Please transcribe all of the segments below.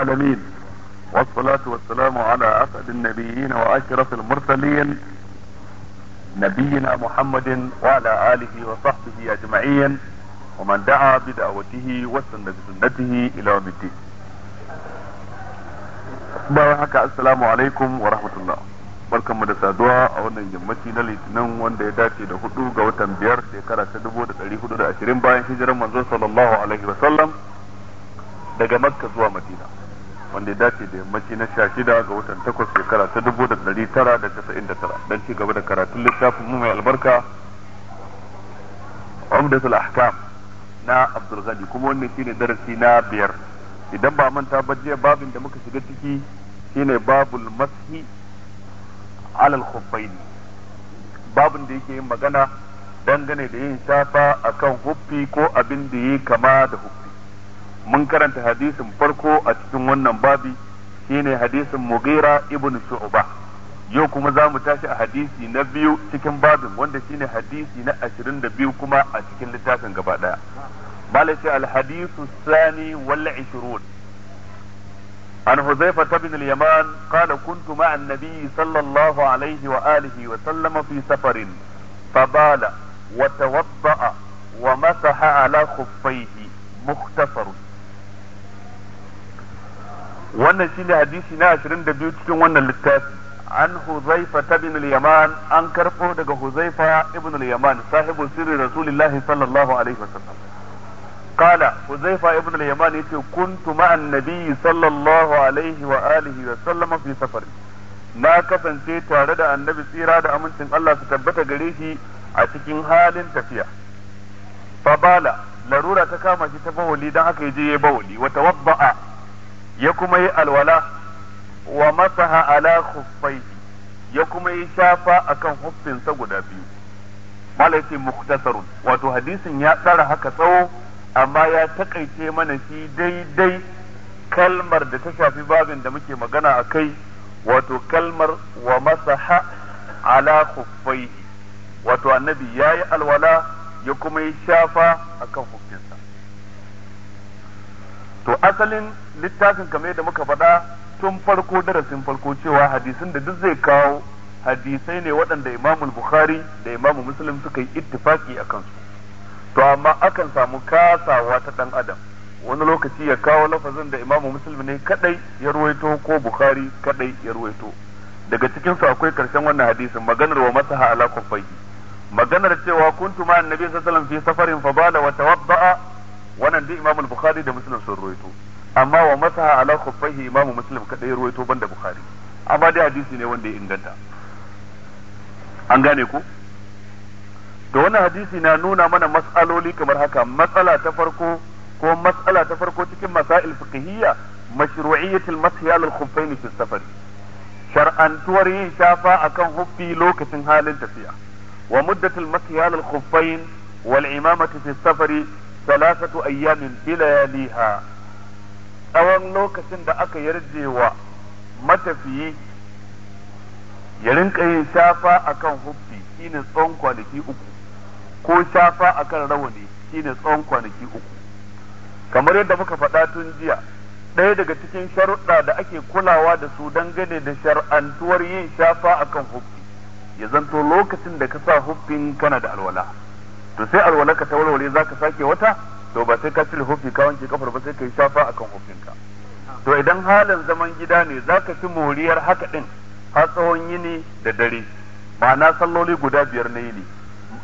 العالمين والصلاة والسلام على أسعد النبيين وأشرف المرسلين نبينا محمد وعلى آله وصحبه أجمعين ومن دعا بدعوته وسن بسنته إلى يوم الدين بارك السلام عليكم ورحمة الله barkan mu da saduwa a wannan yammaci na litinin wanda ya dace da hudu ga watan biyar shekara ta dubu da dari hudu da ashirin bayan hijirar manzo sallallahu alaihi wasallam daga makka zuwa madina wanda ya dace da yammaci na sha shida ga watan takwas shekara ta dubu da ɗari tara da casa'in da tara don ci gaba da karatun littafin mu mai albarka umdatul ahkam na abdul ghani kuma wannan shine darasi na biyar idan ba manta ba jiya babin da muka shiga ciki shine babul mashi alal khuffaini babin da yake yin magana dangane da yin shafa akan huffi ko abin da yi kama da huffi mun karanta hadisin farko a cikin wannan babi shine hadisin Mughira ibn Shu'ba yau kuma za mu tashi a hadisi na biyu cikin babin wanda shine hadisi na biyu kuma a cikin littafin gaba ɗaya malaka al sani wal 20 عن حذيفة بن اليمان قال كنت مع النبي صلى الله عليه وآله وسلم في سفر فبال وتوضأ ومسح على خفيه مختصر wannan shine hadisi na 22 cikin wannan littafi an huzaifa ibn al-yaman an karfo daga huzaifa ibn al-yaman sahibu sirri rasulullahi sallallahu alaihi wasallam Ibn al-Yaman اليمان يقول كنت مع النبي صلى الله عليه وآله وسلم في سفر na kasance tare da annabi tsira da amincin Allah su tabbata gare shi a cikin halin tafiya fabala larura ta kama shi ta bawali don haka je ya bawali wata wabba'a ya kuma yi alwala wa masaha ala khuffaihi ya kuma yi shafa akan huffinsa guda biyu malaiti mukhtasarun wato hadisin ya tsara haka tsawo amma ya takaice mana shi daidai kalmar da ta shafi babin da muke magana a kai wato kalmar wa masaha ala khuffaihi wato annabi ya yi alwala ya kuma yi shafa akan huffinsa to asalin littafin kamar yadda muka faɗa tun farko darasin farko cewa hadisin da duk zai kawo hadisai ne waɗanda imamul bukhari da imamu muslim suka yi ittifaki a kansu to amma akan samu kasawa ta ɗan adam wani lokaci ya kawo lafazin da imamu muslim ne kadai ya ruwaito ko bukhari kadai ya ruwaito daga cikin su akwai karshen wannan hadisin maganar wa masaha ala kufai maganar cewa kuntu ma annabi sallallahu alaihi wasallam fi safarin fa bala wa tawadda wannan duk imamu bukhari da muslim sun ruwaito amma wa masaha ala khuffahi imamu muslim kadai ya ruwaito banda bukhari amma dai hadisi ne wanda ya inganta an gane ku to wannan hadisi na nuna mana matsaloli kamar haka matsala ta farko ko matsala ta farko cikin masail fiqhiyya mashru'iyyatul mashi ala al-khuffayn fi safari shar'antuwar yin shafa akan huffi lokacin halin tafiya wa muddatul mashi ala al-khuffayn wal imamati fi safari thalathatu ayyamin bilayaliha tsawon lokacin da aka yarje wa matafiyi ya rinka yin shafa akan shi shine tsawon kwanaki uku ko shafa akan rawani shine tsawon kwanaki uku kamar yadda muka faɗa tun jiya ɗaya daga cikin sharuɗa da ake kulawa da su dangane da shar'antuwar yin shafa akan huffi ya zanto lokacin da ka sa huffin kana da alwala to sai alwala ka ta warware za ka sake wata to ba sai ka cire hufi ka wanke kafar ba sai ka yi shafa akan hufinka to idan halin zaman gida ne za ka fi moriyar haka ɗin har tsawon yini da dare ma'ana salloli guda biyar na yini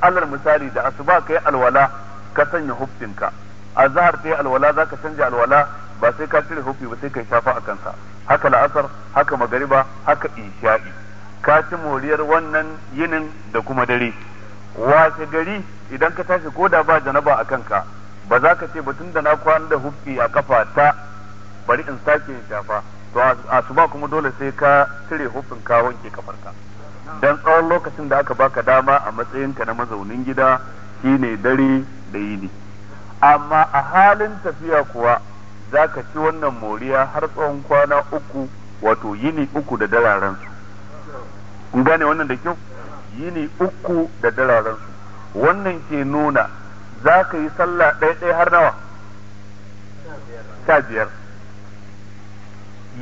alal misali da asuba ka yi alwala ka sanya hufinka a zahar ta yi alwala za ka canja alwala ba sai ka cire hufi ba sai ka yi shafa a kansa haka la'asar haka magariba haka isha'i ka ci moriyar wannan yinin da kuma dare washe gari idan ka tashi ko da ba janaba a kanka ba za ka ce batun da na kwana da hukki a kafa ta bari in sake in shafa to a su ba kuma dole sai ka cire hukkin ka wanke kafarka dan tsawon lokacin da aka baka dama a matsayinka na mazaunin gida shine dare da yini amma a halin tafiya kuwa za ka ci wannan moriya har tsawon kwana uku wato yini uku da dararen su gane wannan da kyau yini uku da dararen wannan ke nuna za ka yi sallah ɗaya har nawa sha biyar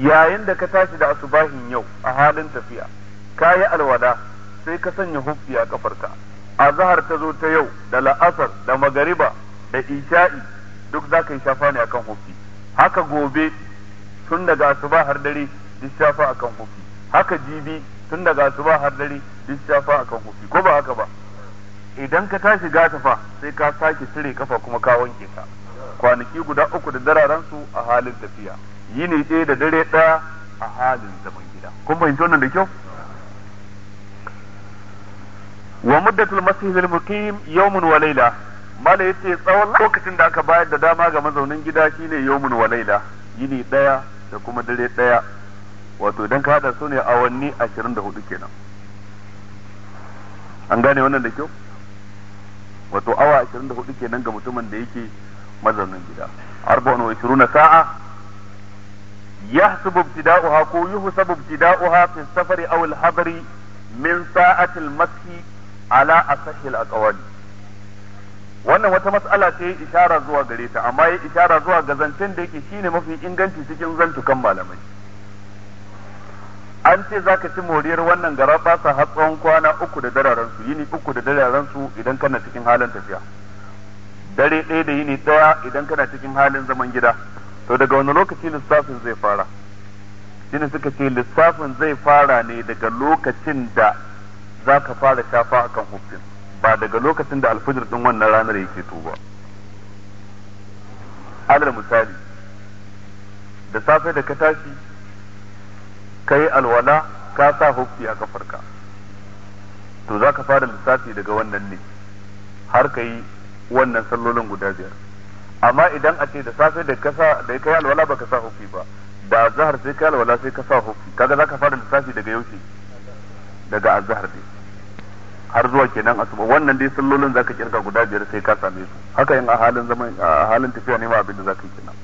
yayin da ka tashi da asubahin yau a halin tafiya ka yi alwada sai ka sanya hufi a kafarka A zahar ta zo ta yau da la'asar da magariba da isha'i duk za ka yi shafa ne akan hufi haka gobe tun daga asuba har dare duk shafa akan hufi haka jibi tun daga asuba har dare duk shafa akan hufi ko ba haka ba idan ka tashi gasa fa sai ka sake cire kafa kuma ka wanke ka kwanaki guda uku da dararen su a halin tafiya yini ɗaya da dare ɗaya a halin zaman gida kun fahimci wannan da kyau wa muddatul masjidil muqim yawmun wa layla mala yace tsawon lokacin da aka bayar da dama ga mazaunin gida shine yawmun wa layla yini daya da kuma dare daya wato idan ka hada su ne awanni 24 kenan an gane wannan da kyau wato awa 24 kenan ga mutumin da yake mazaunin gida arba'un wa 20 sa'a yahsabu ibtida'uha ko yuhsabu ibtida'uha fi safari aw al-hadri min sa'ati al-mashi ala asahhi aqwali wannan wata mas'ala ce ishara zuwa gare ta amma ya ishara zuwa ga zancen da yake shine mafi inganci cikin zantukan malamai an ce za ka ci moriyar wannan gara ba sa hatsawan kwana uku da dararen yini uku da dararen idan kana cikin halin tafiya dare ɗaya da yini ɗaya idan kana cikin halin zaman gida to daga wani lokaci lissafin zai fara shine suka ce lissafin zai fara ne daga lokacin da za ka fara shafa akan hufin ba daga lokacin da alfijir ɗin wannan ranar yake tuba alal misali da safe da ka tashi kai alwala ka sa hukki a kafarka to za ka fara lissafi daga wannan ne har ka yi wannan sallolin guda biyar amma idan a ce da safe da ka sa da kai alwala baka sa hukki ba da azhar sai kai alwala sai ka sa hukki kaga za ka fara lissafi daga yaushe daga azhar dai har zuwa kenan asuba wannan dai sallolin zaka kirga guda biyar sai ka same su haka yin a halin zaman a halin tafiya ne ma abin da zaka yi kenan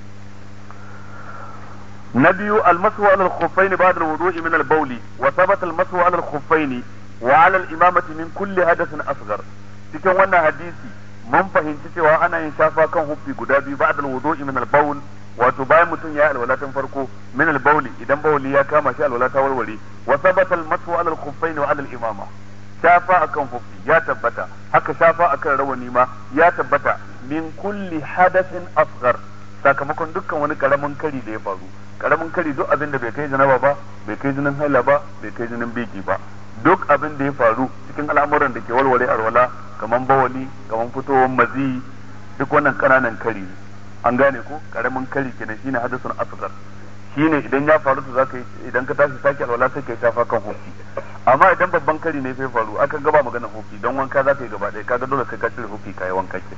na biyu almasu ala al-khuffain ba'da wudui min al wa almasu wa imamati min kulli hadathin asghar cikin wannan hadisi mun fahimci cewa ana yin shafa kan huffi guda biyu wudui min wato bayan mutum ya alwala farko min idan ya kama shi alwala ta warware wa wa imama shafa akan huffi ya tabbata haka shafa akan rawani ma ya tabbata min kulli hadathin asghar sakamakon dukkan wani karami kari da ya faru karamin kari duk abin da bai kai janaba ba bai kai jinin haila ba bai kai jinin biki ba duk abin da ya faru cikin al'amuran da ke walwale arwala kaman bawali kaman fitowar mazi duk wannan kananan kari an gane ko karamin kari kenan shine hadisun asghar shine idan ya faru to zaka idan ka tashi saki alwala sai kai shafa kan hofi amma idan babban kari ne sai faru akan gaba magana hofi dan wanka zaka yi gaba ɗaya kaga dole sai ka cire hofi kai wanka ke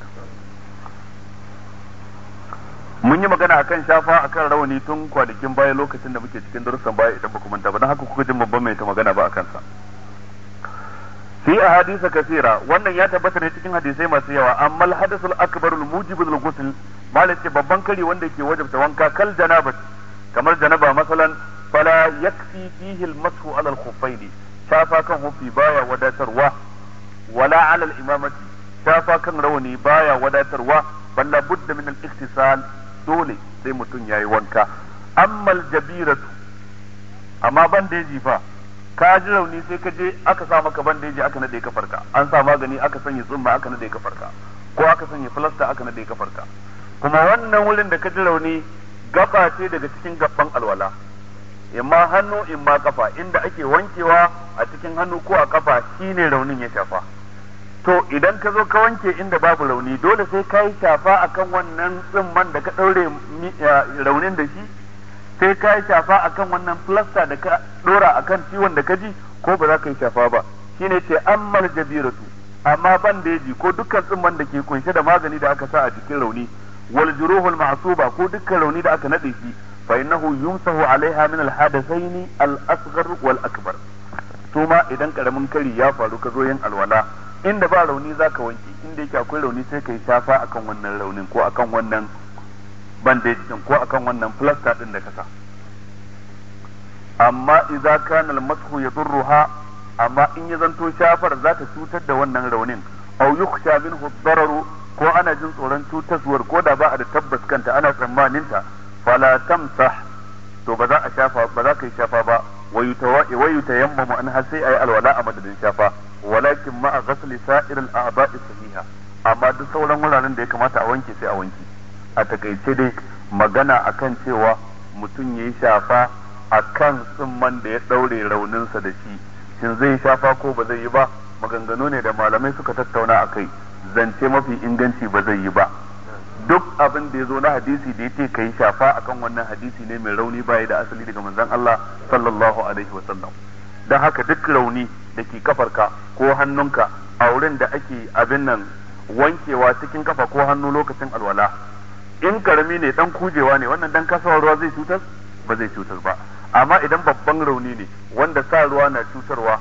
magana akan shafa kan rawani tun kwanakin baya lokacin da muke cikin darussan baya idan ba manta ba don haka kuka jin babban mai ta magana ba a kansa. fi hadisa kasira wannan ya tabbata ne cikin hadisai masu yawa amma al akbarul akbar al-mujibul ghusl ce babban kari wanda yake wajabta wanka kal janaba kamar janaba masalan fala yakfi fihi al-mashu ala al-khuffaini shafa kan hufi baya wadatarwa wala ala al-imamati shafa kan rawani baya wadatarwa balla budda min al-iktisal dole sai mutum ya yi wanka ammal jabiratu amma bandeji fa ka ji rauni sai ka je aka sa maka bandeji aka nade ka farka an sa magani aka sanya tsumma aka nade ka farka ko aka sanya filasta aka nade ka farka kuma wannan wurin da ka ji rauni gaba ce daga cikin gaban alwala imma hannu imma kafa inda ake wankewa a cikin hannu ko a kafa shine raunin ya shafa to idan ka zo ka wanke inda babu rauni dole sai ka yi shafa akan wannan tsimman da ka ɗaure raunin da shi sai ka yi shafa akan wannan plasta da ka ɗora akan ciwon da ka ji ko ba za ka yi shafa ba shine ce ammal jabiratu amma bandeji ko dukkan tsimman da ke kunshe da magani da aka sa a jikin rauni wal juruhul ma'suba ko dukkan rauni da aka nade shi fa innahu yumsahu alaiha min al hadathaini al asghar wal akbar idan karamin kari ya faru ka zo yin alwala inda ba rauni za ka wanke inda yake akwai rauni sai ka yi shafa akan wannan raunin ko akan wannan bandage din ko akan wannan plaster din da kasa amma idza kana al-mashu yadurruha amma in ya zanto shafar za ta cutar da wannan raunin aw yukhsha minhu ad ko ana jin tsoron cutarwar ko da ba a da tabbas kanta ana tsammanin ta fala tamsah to ba za a shafa ba za ka yi shafa ba wa yutayammamu an har sai ayi alwala a madadin shafa walakin ma ghasli sa'ir al-a'ba'i sahiha amma duk sauran wuraren da ya kamata a wanke sai a wanke a takaice dai magana akan cewa mutum yayi shafa akan tsimman da ya daure rauninsa da shi shin zai shafa ko ba zai yi ba maganganu ne da malamai suka tattauna akai zance mafi inganci ba zai yi ba duk abin da ya zo na hadisi da ya ce ka yi shafa akan wannan hadisi ne mai rauni baya da asali daga manzon Allah sallallahu alaihi wasallam dan haka duk rauni da ke kafarka ko hannunka a wurin da ake abin nan wankewa cikin kafa ko hannu lokacin alwala in karami ne dan kujewa ne wannan dan kasawar ruwa zai cutar ba zai cutar ba amma idan babban rauni ne wanda sa ruwa na cutarwa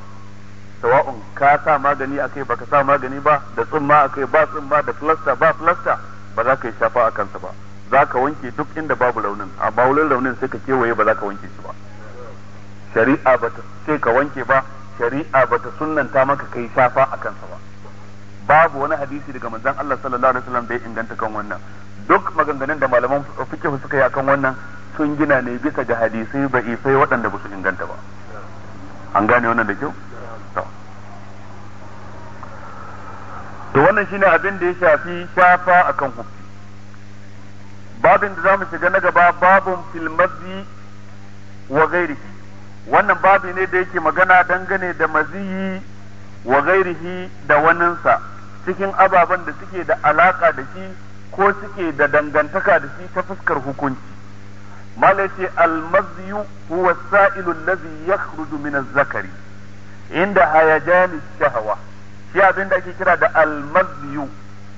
sawa'un ka sa magani akai baka sa magani ba da tsumma akai ba tsumma da plasta ba plasta ba za ka yi shafa a kansa ba za ka wanke duk inda babu launin amma wurin launin sai ka kewaye ba za ka wanke shi ba shari'a ba ta ce ka wanke ba shari'a ba ta sunnanta maka kai shafa a kansa ba babu wani hadisi daga manzon Allah sallallahu alaihi wasallam bai inganta kan wannan duk maganganun da malaman fiqh suka yi akan wannan sun gina ne bisa ga hadisi ba sai waɗanda ba su inganta ba an gane wannan da kyau to wannan shine abin da ya shafi shafa akan hukki babin da zamu shiga na gaba babun fil mazi wa ghairihi wannan babi ne da yake magana dangane da maziyi wa ghairihi da waninsa cikin ababen da suke da alaka da shi ko suke da dangantaka da shi ta fuskar hukunci malace almaziyu huwa sa'ilu allazi yakhruju min az-zakari inda hayajani shahawa sai abin da ake kira da almaziyu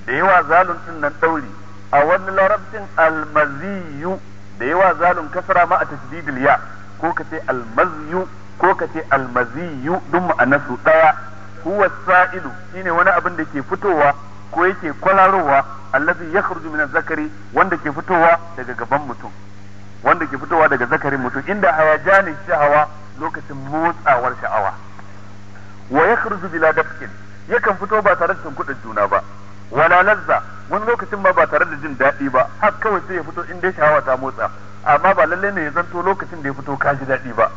da yawa zalun din nan dauri a wani larabcin almaziyu da yawa zalun kasara ma a tasdidil ya ko ce almaziyu ko ce almaziyu duk ma'anarsu daya huwa sa'ilu shine wani abin da ke fitowa ko yake kwalarowa allazi yakhruju min zakari wanda ke fitowa daga gaban mutum wanda ke fitowa daga zakarin mutum inda hayajani shahawa lokacin motsawar sha'awa wa yakhruju bila dafkin yakan fito ba tare da tunkuɗin juna ba wala lazza wani lokacin ma ba tare da jin daɗi ba har kawai sai ya fito in dai shawa ta motsa amma ba lallai ne ya zanto lokacin da ya fito ka ji daɗi ba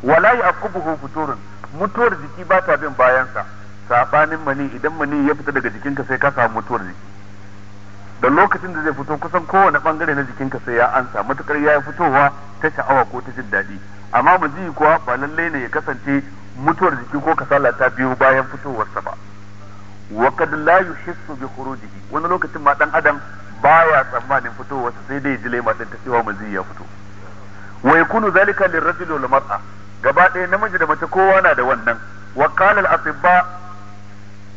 wala ya akubuhu futurun mutuwar jiki ba ta bin bayansa sabanin mani idan mani ya fita daga jikinka sai ka samu mutuwar jiki da lokacin da zai fito kusan kowane bangare na jikinka sai ya ansa matukar ya fitowa ta sha'awa ko ta jin daɗi amma mu ji kuwa ba lallai ne ya kasance mutuwar jiki ko kasala ta biyo bayan fitowarsa ba wa kad la yuhissu bi khurujihi wani lokacin ma dan adam baya tsammanin fitowarsa sai dai ji laima din ta cewa mazi ya fito wa yakunu zalika lirrajul wal mar'a gaba ɗaya namiji da mace kowa na da wannan wa qala al atibba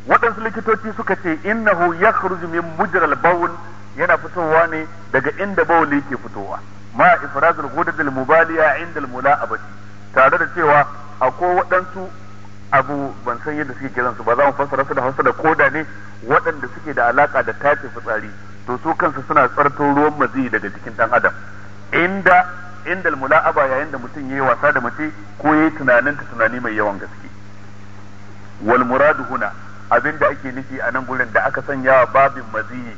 waɗansu likitoci suka ce innahu yakhruju min mujral bawl yana fitowa ne daga inda bawl ke fitowa ma ifrazul ghudad al mubaliya inda al mula'abati tare da cewa akwai waɗansu abu ban san yadda suke kiransu ba za mu fassara su da hausa da koda ne waɗanda suke da alaka da tace fitsari to su kansu suna tsarto ruwan mazi daga jikin dan adam inda inda mula'aba yayin da mutum yayi wasa da mace ko yayi tunanin ta tunani mai yawan gaske wal muradu huna abinda ake nufi a nan gurin da aka sanya babin maziyi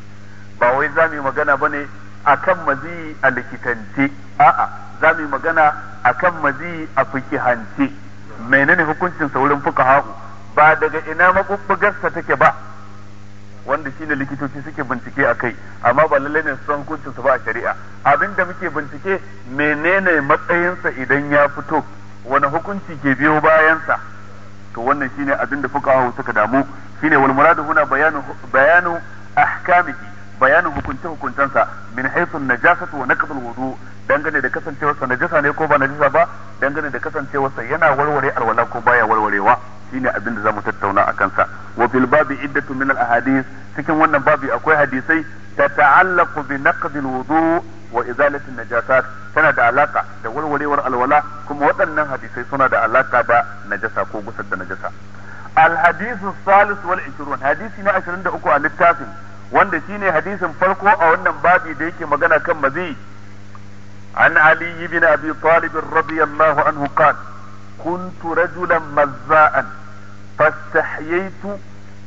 ba wai za mu yi magana bane akan maziyi a likitance a'a za mu yi magana kan maziyi a fikihance menene hukuncin sa wurin fuqaha ba daga ina makubbugar take ba wanda shine likitoci suke bincike a kai amma ba lallai ne san hukuncin ba a shari'a abinda muke bincike menene matsayinsa idan ya fito wani hukunci ke biyo bayansa to wannan shine abinda fuqaha suka damu shine wal muradu huna bayanu bayanu ahkamihi bayanin hukunce hukuncensa min haythu najasatu wa naqdul wudu dangane da kasancewarsa jasa ne ko ba jasa ba dangane da kasancewarsa yana warware alwala ko baya warwarewa shine abin da zamu tattauna a kansa wa fil babi iddatu min al ahadith cikin wannan babi akwai hadisai tata'allaqu bi naqd al wudu wa izalati najasat tana da alaka da warwarewar alwala kuma waɗannan hadisai suna da alaka da najasa ko gusar da najasa al hadithu salis wal 20 hadisi na 23 a littafin wanda shine hadisin farko a wannan babi da yake magana kan mazi عن علي بن ابي طالب رضي الله عنه قال كنت رجلا مزاء فاستحييت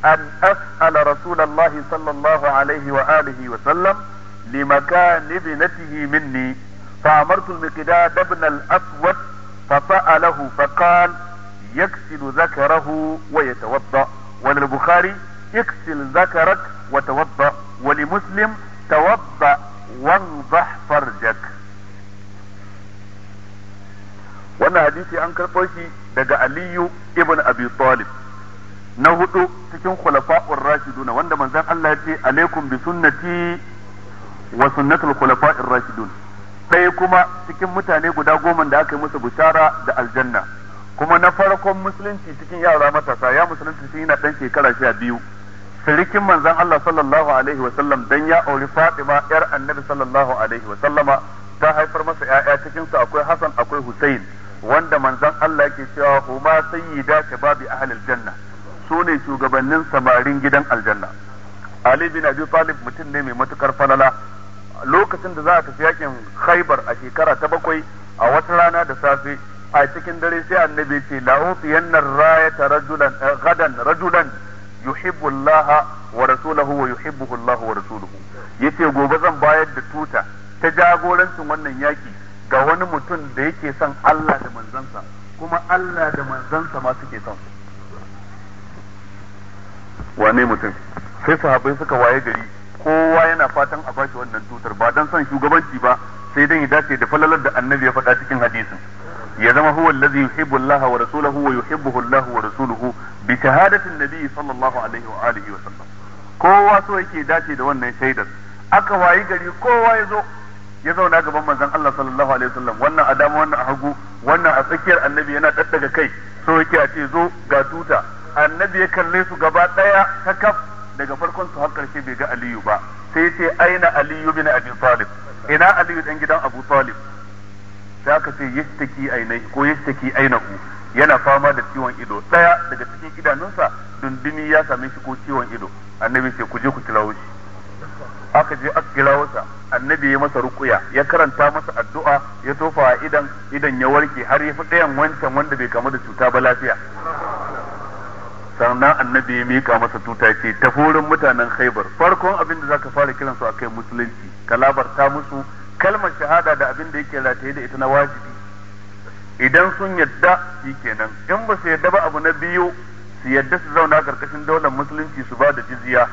ان اسال رسول الله صلى الله عليه واله وسلم لمكان ابنته مني فامرت المقداد بن الاسود فساله فقال يكسل ذكره ويتوضا وللبخاري اكسل ذكرك وتوضا ولمسلم توضا وانضح فرجك wannan hadisi an karɓo shi daga aliyu ibn abi talib na hudu cikin khulafa'ur rashidun wanda manzon Allah ya ce alaikum bi sunnati wa sunnatul khulafa'ir rashidun sai kuma cikin mutane guda goma da aka yi musu bishara da aljanna kuma na farkon musulunci cikin yara matasa ya musulunci shi yana dan shekara sha biyu sirikin manzon Allah sallallahu alaihi wa sallam dan ya auri Fatima yar annabi sallallahu alaihi wa sallama ta haifar masa 'ya'ya cikin su akwai Hassan akwai Hussein wanda manzon Allah yake cewa huma sayyida shababi ahlil janna su ne shugabannin samarin gidan aljanna Ali bin Abi Talib mutum ne mai matukar falala lokacin da za a tafi yakin Khaibar a shekara ta bakwai a wata rana da safe a cikin dare sai annabi ce la'utiyanna rayata rajulan eh, gadan rajulan yuhibbu Allah wa rasuluhu wa yuhibbu Allah wa rasuluhu yace gobe zan bayar da tuta ta jagorancin wannan yaki ga wani mutum da yake son Allah da manzansa kuma Allah da manzansa ma suke son wane mutum sai sahabbai suka waye gari kowa yana fatan a bashi wannan tutar ba don son shugabanci ba sai dan ya dace da falalar da annabi ya faɗa cikin hadisin ya zama huwa allazi yuhibbu Allah wa rasuluhu wa yuhibbuhu Allah wa rasuluhu bi shahadati nabi sallallahu alaihi wa alihi wa sallam kowa so yake dace da wannan shaidar aka wayi gari kowa ya zo ya zauna gaban manzon Allah sallallahu alaihi wasallam wannan a dama wannan a hagu wannan a tsakiyar annabi yana daddaga kai so yake a ce zo ga tuta annabi ya kalle su gaba daya ta kaf daga farkon su har karshe bai ga Aliyu ba sai yace aina Aliyu bin Abi Talib ina Aliyu dan gidan Abu Talib sai aka ce yastaki aina ko yastaki ku yana fama da ciwon ido daya daga cikin idanunsa dundumi ya same shi ko ciwon ido annabi sai ku je ku kilawo shi aka je aka sa annabi ya masa rukuya ya karanta masa addu'a ya tofa idan idan ya warke har ya fi ɗayan wancan wanda bai kamu da cuta ba lafiya sannan annabi ya mika masa tuta ce ta furin mutanen haibar farkon abin da zaka fara kiran su akai musulunci ka labarta musu kalmar shahada da abin da yake rataye da ita na wajibi idan sun yadda kenan in ba su yadda ba abu na biyu su yadda su zauna karkashin daular musulunci su ba da jizya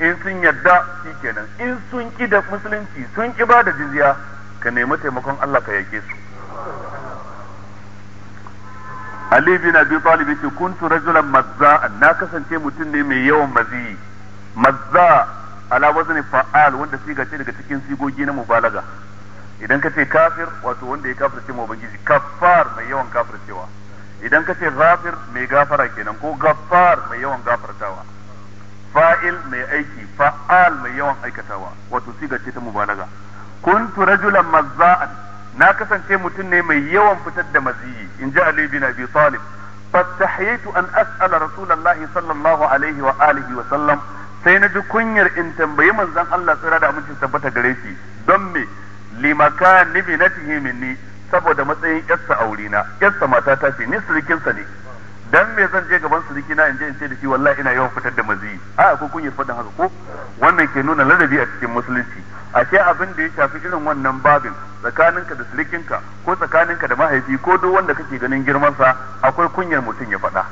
in sun yadda shi kenan in sun ki da musulunci sun ki ba da jizya ka nemi taimakon Allah ka yake su Ali bin Abi Talib yace kuntu rajulan Mazza na kasance mutum ne mai yawan mazi mazza ala wazni fa'al wanda siga ce daga cikin sigogi na mubalaga idan ka ce kafir wato wanda ya kafirce mu ubangiji kafar mai yawan kafircewa idan ka ce ghafir mai gafara kenan ko gafar mai yawan gafartawa fa'il mai aiki fa'al mai yawan aikatawa wato siga ce ta mubalaga kuntu rajulan mazza'an na kasance mutum ne mai yawan fitar da maziyi in ji Ali bin Abi Talib fastahiyaitu an as'ala rasulullahi sallallahu alaihi wa alihi wa sallam sai na ji kunyar in tambayi manzon Allah tsira da amincin tabbata gare shi don me limakani binatihi minni saboda matsayin yarsa aurina yarsa matata ce ni surikinsa ne dan me zan je gaban suriki na in je in ce da shi wallahi ina yawan fitar da mazi a ko kun yi faɗin haka ko wannan ke nuna ladabi a cikin musulunci ashe abin da ya shafi irin wannan babin tsakaninka da surikinka ko tsakaninka da mahaifi ko duk wanda kake ganin girmansa akwai kunyar mutum ya faɗa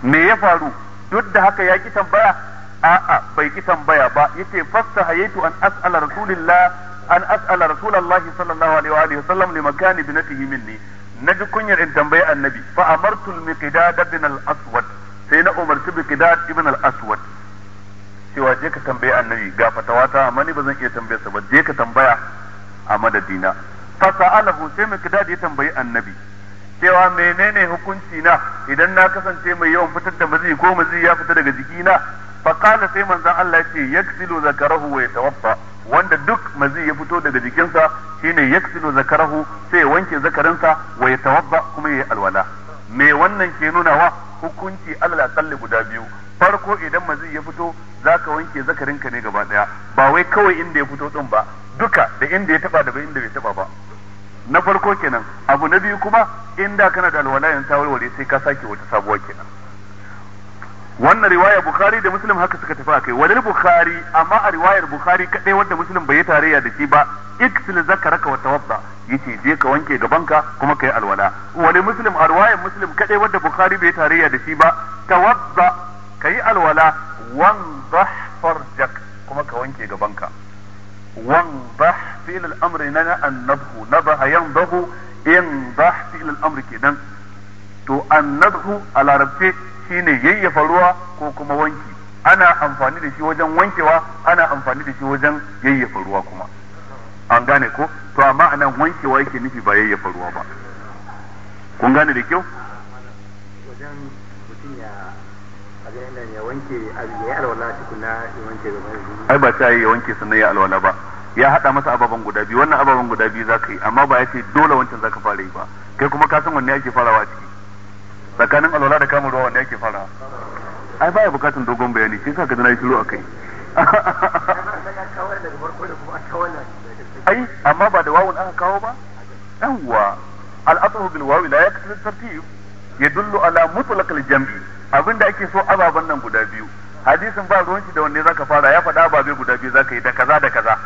me ya faru duk da haka ya ki tambaya a'a bai ki tambaya ba yace hayatu an as'ala rasulillah an as'ala rasulullahi sallallahu alaihi wa alihi wasallam limakani binatihi minni na ji kunyar in tambayi annabi fa amartul miqdad ibn al aswad sai na umarci miqdad ibn al aswad cewa je ka tambayi annabi ga fatawa ta amma ni zan iya tambayar sa ba je ka tambaya a madadina fa sa'alahu sai miqdad ya tambayi annabi cewa menene hukunci na idan na kasance mai yawan fitar da mazi ko mazi ya fita daga jikina fa qala sai manzon Allah ya ce yaksilu zakarahu wa yatawaffa wanda duk mazi ya fito daga jikinsa shine yaksilu zakarahu sai ya wanke zakarinsa wa ya tawabba kuma ya alwala me wannan ke nuna wa hukunci Allah tsalle guda biyu farko idan mazi ya fito zaka wanke zakarinka ne gaba daya ba wai kawai inda ya fito din ba duka da inda ya taba da inda bai taba ba na farko kenan abu na biyu kuma inda kana da alwala yanzu ta warware sai ka sake wata sabuwa kenan wannan riwaya bukhari da muslim haka suka tafi akai walil bukhari amma a riwayar bukhari kadai wanda muslim bai yi tarayya da shi ba iksil zakaraka wa tawadda yace je ka wanke gabanka kuma kai alwala wani muslim a riwayar muslim kadai wanda bukhari bai yi tarayya da shi ba tawadda kai alwala wan wandah farjak kuma ka wanke gabanka Wan fi'l al-amri na an-nabhu nabaha yandahu in dah fi'l al-amri kenan to annadhu a larabce shine yayyafa ruwa ko kuma wanki ana amfani da shi wajen wankewa ana amfani da shi wajen yayyafa ruwa kuma an gane ko to amma anan wankewa yake nufi ba yayyafa ruwa ba kun gane da kyau wajen mutum ya ya wanke ya alwala tukuna ya wanke ai ba ta yi ya wanke sannan ya alwala ba ya hada masa ababen guda biyu wannan ababen guda biyu zaka yi amma ba ya ce dole wancan zaka fara yi ba kai kuma ka san wanne ake farawa ciki tsakanin alwala da kamar ruwa wanda yake fara ai baya bukatun dogon bayani shi sa ka ji na a kai. ai amma ba da wawun aka kawo ba yawwa al'asahu bil wawi la yaktul tartib yadullu ala mutlaq al jam'i abinda ake so ababan nan guda biyu hadisin ba ruwan shi da wanne zaka fara ya faɗa ababe guda biyu zaka yi da kaza da kaza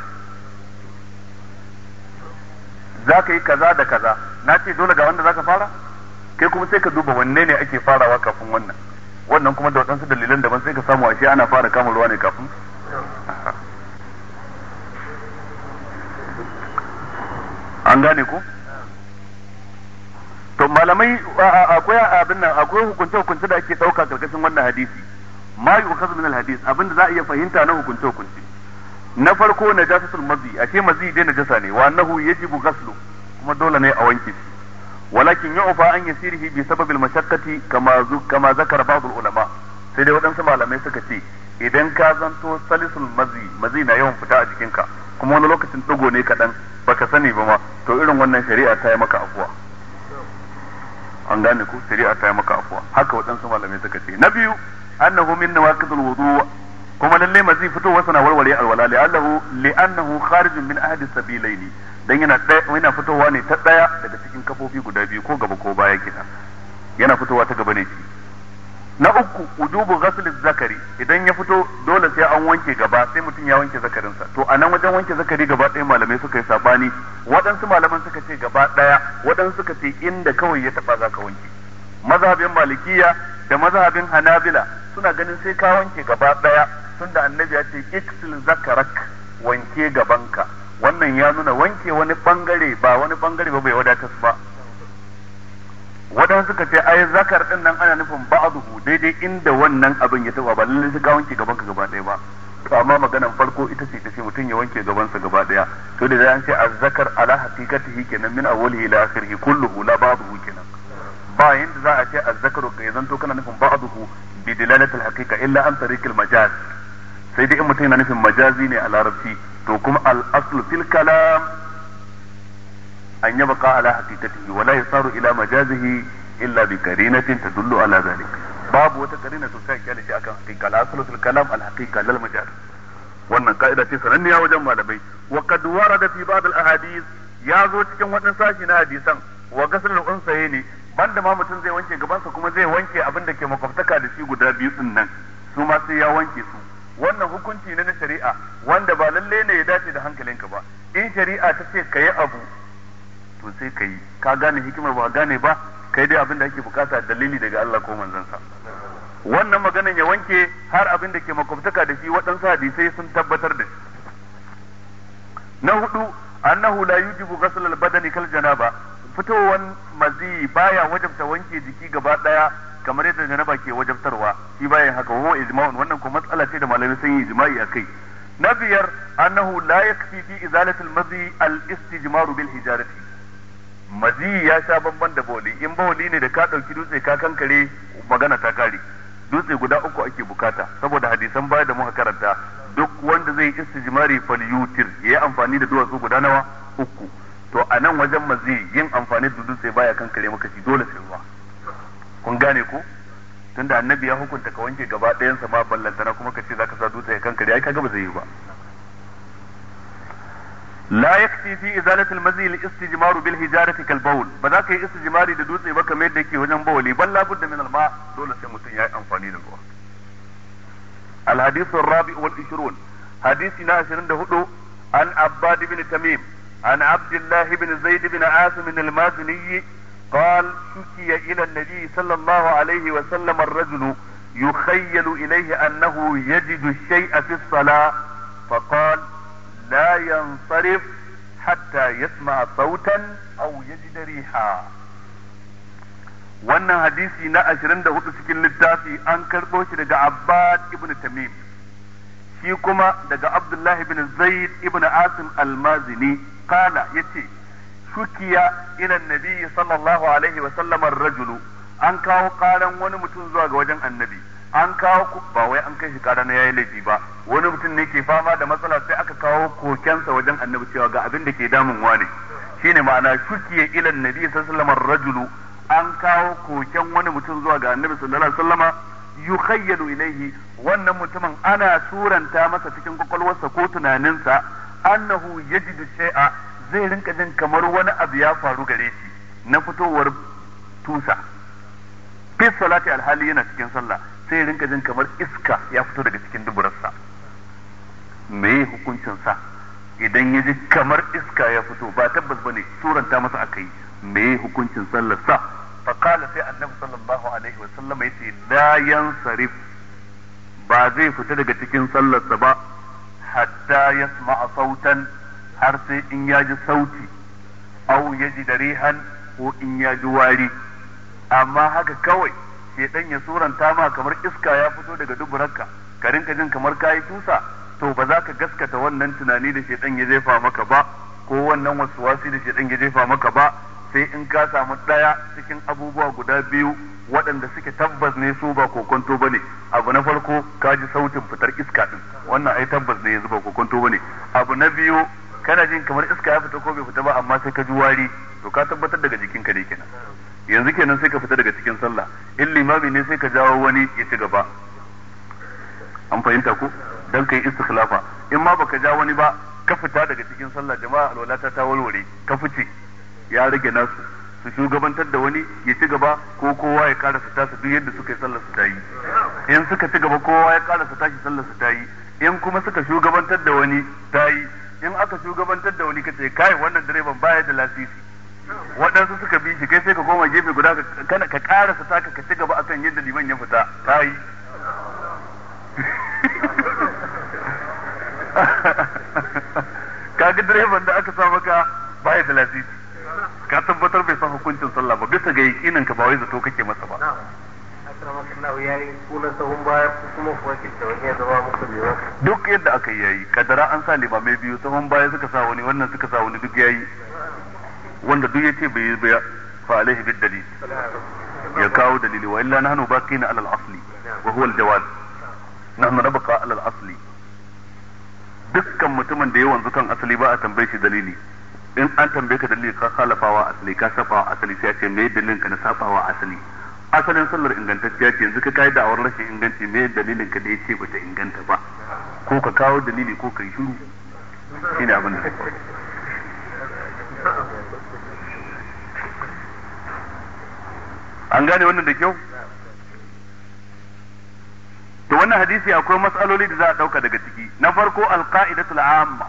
zaka yi kaza da kaza na ce dole ga wanda zaka fara kai kuma sai ka duba wanne ne ake farawa kafin wannan wannan kuma da waɗansu dalilan daban sai ka samu ashe ana fara kama ruwa ne kafin an gane ko to malamai akwai abin nan akwai hukunce hukunce da ake ɗauka karkashin wannan hadisi ma yu'khadhu min al abinda za a iya fahimta na hukunce hukunce na farko najasatul mazi ashe mazi dai najasa ne wa annahu yajibu ghaslu kuma dole ne a wanke shi walakin yu'fa an yasirihi bi sababil mashaqqati kama kama zakar ba'dul ulama sai dai waɗansu malamai suka ce idan ka zanto salisul mazi mazi na yawan fita a jikinka kuma wani lokacin ɗigo ne kaɗan baka sani ba ma to irin wannan shari'a ta yi maka afuwa an gane ku shari'a ta yi maka afuwa haka waɗansu malamai suka ce na biyu annahu min nawaqidul wudu kuma lalle mazi fitowa sana warware alwala li'allahu li'annahu kharijun min ahadi sabilaini dan yana yana fitowa ne ta daya daga cikin kafofi guda biyu ko gaba ko baya kina yana fitowa ta gaba ne ci. na uku udubu ghasl zakari idan ya fito dole sai an wanke gaba sai mutum ya wanke zakarinsa to anan wajen wanke zakari gaba ɗaya malamai suka yi sabani waɗansu malaman suka ce gaba daya waɗansu suka ce inda kawai ya taba zaka wanke mazhabin malikiya da mazhabin hanabila suna ganin sai ka wanke gaba sun tunda annabi ya ce iksil zakarak wanke gabanka wannan ya nuna wanke wani bangare ba wani bangare ba bai wadatar ba wadansu suka ce ai zakar din nan ana nufin ba'dhu daidai inda wannan abin ya taba ba lalle sai ka wanke gaban ka gaba daya ba to amma maganar farko ita ce ta ce mutum ya wanke gaban sa gaba daya to da an ce azzakar ala haqiqatihi kenan min awwalihi ila akhirih kulluhu la ba'dhu kenan ba yanda za a ce azzakaru kai zanto kana nufin ba'dhu bi dilalatil haqiqa illa an tariqil majaz sai dai in mutum yana nufin majazi ne a larabci to kuma al aslu fil kalam an yabqa ala haqiqatihi wa la yasaru ila majazihi illa bi karinatin tadullu ala zalik babu wata karina to sai kyale shi akan haqiqa al aslu fil kalam al haqiqa lal majaz wannan ka'ida ce sananniya wajen malamai wa qad warada fi ba'd al ahadith ya zo cikin waɗansu sashi na hadisan wa gasalul unsayni banda ma mutum zai wanke gabansa kuma zai wanke abin da ke makwabtaka da shi guda biyu din nan su ma sai ya wanke su wannan hukunci ne na shari'a wanda ba lalle ne ya dace da hankalinka ba in shari'a ta ce ka yi abu to sai ka yi ka gane hikimar ba gane ba kai dai abin da ake bukata dalili daga Allah ko manzansa wannan maganan ya wanke har abin da ke makwabtaka da shi waɗansu hadisai sun tabbatar da shi na hudu annahu la yujibu ghasl al-badani kal janaba fitowan mazi baya wajabta wanke jiki gaba daya kamar yadda janaba ke wajabtarwa shi bayan haka wa ijma'un wannan kuma matsala ce da malamai sun yi ijma'i akai na biyar annahu la yakfi fi izalati al-madhi al-istijmaru bil hijarati madhi ya sha bamban da boli in boli ne da ka dauki dutse ka kankare magana ta kare dutse guda uku ake bukata saboda hadisan baya da muka karanta duk wanda zai istijmari falyutir yayi amfani da duwatsu guda nawa uku to a nan wajen mazi yin amfani da dutse baya kankare maka shi dole sai ruwa kun gane ku tunda annabi ya hukunta ka wanke gaba ɗayan sa ma ballantana kuma ka ce zaka sa dutse kanka dai kaga ba zai yi ba la yakfi fi izalati al-mazi al-istijmaru bil hijarati kal bawl ba za ka yi istijmari da dutse ba kamar yadda yake wajen bawli bal la budda min al-ma dole sai mutum ya yi amfani da ruwa al-hadith ar-rabi wal 20 hadisi na 24 an abbad ibn tamim an abdullah ibn zaid ibn asim قال شكي إلى النبي صلى الله عليه وسلم الرجل يخيل إليه أنه يجد الشيء في الصلاة فقال لا ينصرف حتى يسمع صوتا أو يجد ريحا wannan hadisi na hudu cikin littafi an karɓo shi daga Abbad ibn Tamim shi kuma daga Abdullahi ibn Zaid ibn Asim al-Mazini ya yace shukiya ila nabi sallallahu alaihi wa sallam rajulu an kawo karan wani mutum zuwa ga wajen annabi an kawo ba wai an kai shi kara na yayi laifi ba wani mutum ne ke fama da matsala sai aka kawo kokensa wajen annabi cewa ga abin da ke damun wani shine ma'ana shukiya ila nabi sallallahu alaihi wa sallam rajulu an kawo koken wani mutum zuwa ga annabi sallallahu alaihi wa sallam yukhayyalu ilaihi wannan mutumin ana suranta masa cikin sa ko tunaninsa annahu yajidu shay'a zai rinka jin kamar wani abu ya faru gare shi na fitowar tusa fi salati alhali yana cikin sallah sai rinka jin kamar iska ya fito daga cikin duburarsa me hukuncin sa idan ya ji kamar iska ya fito ba tabbas bane suranta masa aka yi me hukuncin sallar sa fa kala sai annabi sallallahu alaihi wa sallam yace la yansarif ba zai fita daga cikin sallar sa ba hatta yasma'a sautan har sai in ya ji sauti au ya ji darihan ko in ya ji wari amma haka kawai shedan ya suranta ma kamar iska ya fito daga duburanka ka rinka jin kamar kayi tusa to ba za ka gaskata wannan tunani da shedan ya jefa maka ba ko wannan wasuwasi da shedan ya jefa maka ba sai in ka samu ɗaya cikin abubuwa guda biyu waɗanda suke tabbas ne su ba kokonto ba ne abu na farko ka ji sautin fitar iska ɗin wannan ai tabbas ne yanzu ba kokonto ba ne abu na biyu kana jin kamar iska ya fita ko bai fita ba amma sai ka ji wari to ka tabbatar daga jikin ka ne kenan yanzu kenan sai ka fita daga cikin sallah in limami ne sai ka jawo wani ya ci gaba an fahimta ko dan kai istikhlafa in ma baka ja wani ba ka fita daga cikin sallah jama'a alwalata ta walwale ka fice ya rage nasu su shugabantar da wani ya ci gaba ko kowa ya karasa tasu duk yadda suka yi sallar su ta yi in suka ci gaba kowa ya karasa tashi sallar su ta yi in kuma suka shugabantar da wani ta yi in aka shugabantar da wani kace kai wannan direban baya da lasisi waɗansu suka bi shi kai sai ka koma gefe guda ka ka karasa taka ka ci gaba akan yadda liman ya fita kai kaga direban da aka sa ka baya da lasisi ka tabbatar bai san hukuncin sallah ba bisa ga yakinin ka ba wai zato kake masa ba akramakallahu yayi sunan sahun ya zama duk yadda aka yayi kadara an sa mai biyu sahun baya suka sa wani wannan suka sa wani duk yayi wanda duk yace bai yi ba fa alaihi bid dalil ya kawo dalili wa illa nahnu baqina ala al-asli wa huwa al-jawaz nahnu nabqa ala al-asli dukkan mutumin da ya wanzu kan asali ba a tambaye shi dalili in an tambaye ka dalili ka khalafawa asali ka safawa asali sai a ce me dalilin ka na safawa asali asalin sallar ingantacciya ce yanzu ka kai da awar rashin inganci me dalilin ka da ya ce bata inganta ba ko ka kawo dalili ko ka yi shiru shine abin da an gane wannan da kyau to wannan hadisi akwai matsaloli da za a dauka daga ciki na farko alqaidatul al'amma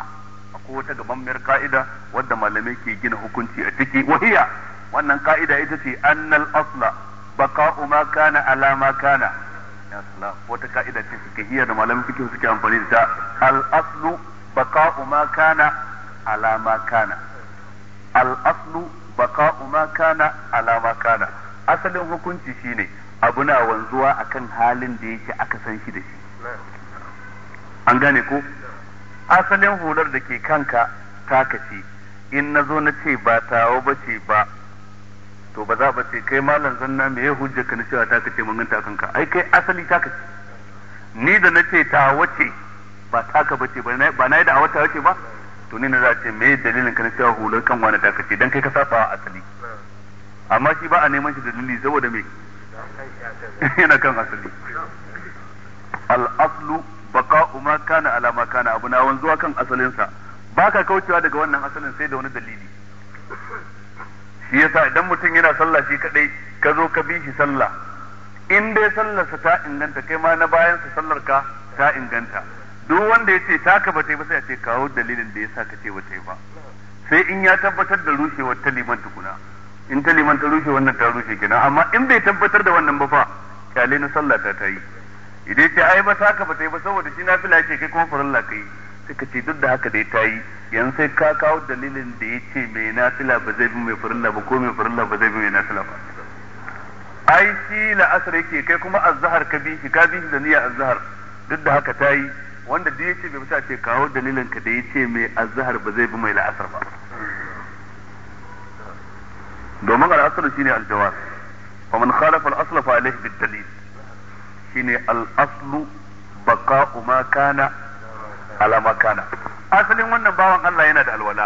akwai wata gabammiyar ka'ida wadda malamai ke gina hukunci a ciki wahiya wannan ka'ida ita ce annal asla baka ma kana ala ma kana ya sala wata ka'ida ce suke iya da malamin fiqh suke amfani da al aslu baka ma kana ala ma kana al aslu baka ma kana ala ma kana asalin hukunci shine abu na wanzuwa akan halin da yake aka san shi da shi an gane ko asalin hular da ke kanka taka ce in na zo na ce ba tawo ba ce ba to ba za ba ce kai malam zanna me ya hujja ka na cewa ta kace mun ganta kanka ai kai asali ta kace ni da na ce ta wace ba taka bace ba na yi da a wata wace ba to ni na za a ce me dalilin ka na cewa hular kan wani ta kace dan kai ka saba asali amma shi ba a neman shi dalili saboda me yana kan asali al-aslu baqa'u ma kana ala ma kana abuna wanzuwa kan asalinsa baka kaucewa daga wannan asalin sai da wani dalili shi yasa idan mutum yana sallah shi kadai ka zo ka bi shi sallah in dai sallarsa ta inganta kai ma na bayan sa sallar ka ta inganta duk wanda ya ce taka ba ta yi ba sai a ce kawo dalilin da ya sa ka ce ba ta yi ba sai in ya tabbatar da rushewar ta liman tukuna in ta liman ta rushe wannan ta rushe kenan amma in bai tabbatar da wannan ba fa kyale na sallah ta ta yi idan ce ai ba taka ba ta yi ba saboda shi nafila yake kai kuma farilla kai suka ce duk da haka dai ta yi yanzu sai ka kawo dalilin da ya ce mai nafila ba zai bi mai farilla ba ko mai farilla ba zai bi mai nafila ba ai shi la'asar yake kai kuma azhar ka bi shi ka bi shi da niyyar azhar duk da haka ta yi wanda duk yace bai fita ce kawo dalilin ka da ya ce mai azhar ba zai bi mai la'asar ba domin al'asar shine aljawaz fa man khalafa al'asla fa alayhi bid dalil shine al'aslu baqa'u ma kana alama kana asalin wannan bawan Allah yana da alwala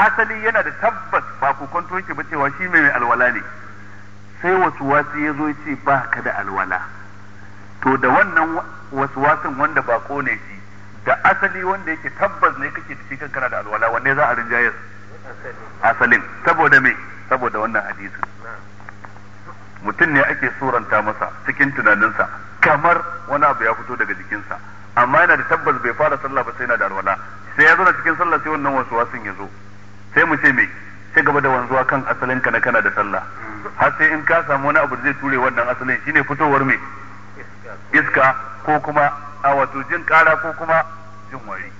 asali yana da tabbas ba ku kwanto yake ba cewa shi mai alwala ne sai wasu wasu ya zo ce ba ka da alwala to da wannan wasu wasu wanda ba ne shi da asali wanda yake tabbas ne kake da shi kana da alwala wanne za a rinjayar asalin saboda me saboda wannan hadisin mutum ne ake suranta masa cikin tunaninsa kamar wani abu ya fito daga jikinsa amma yana da tabbas bai fara sallah ba sai yana da alwala sai ya zauna cikin sallah sai wannan wasuwa sun ya zo sai mu ce me sai gaba da wanzuwa kan asalin ka na kana da sallah har sai in ka samu wani abu zai ture wannan asalin shine fitowar me iska ko kuma a wato jin kara ko kuma jin wari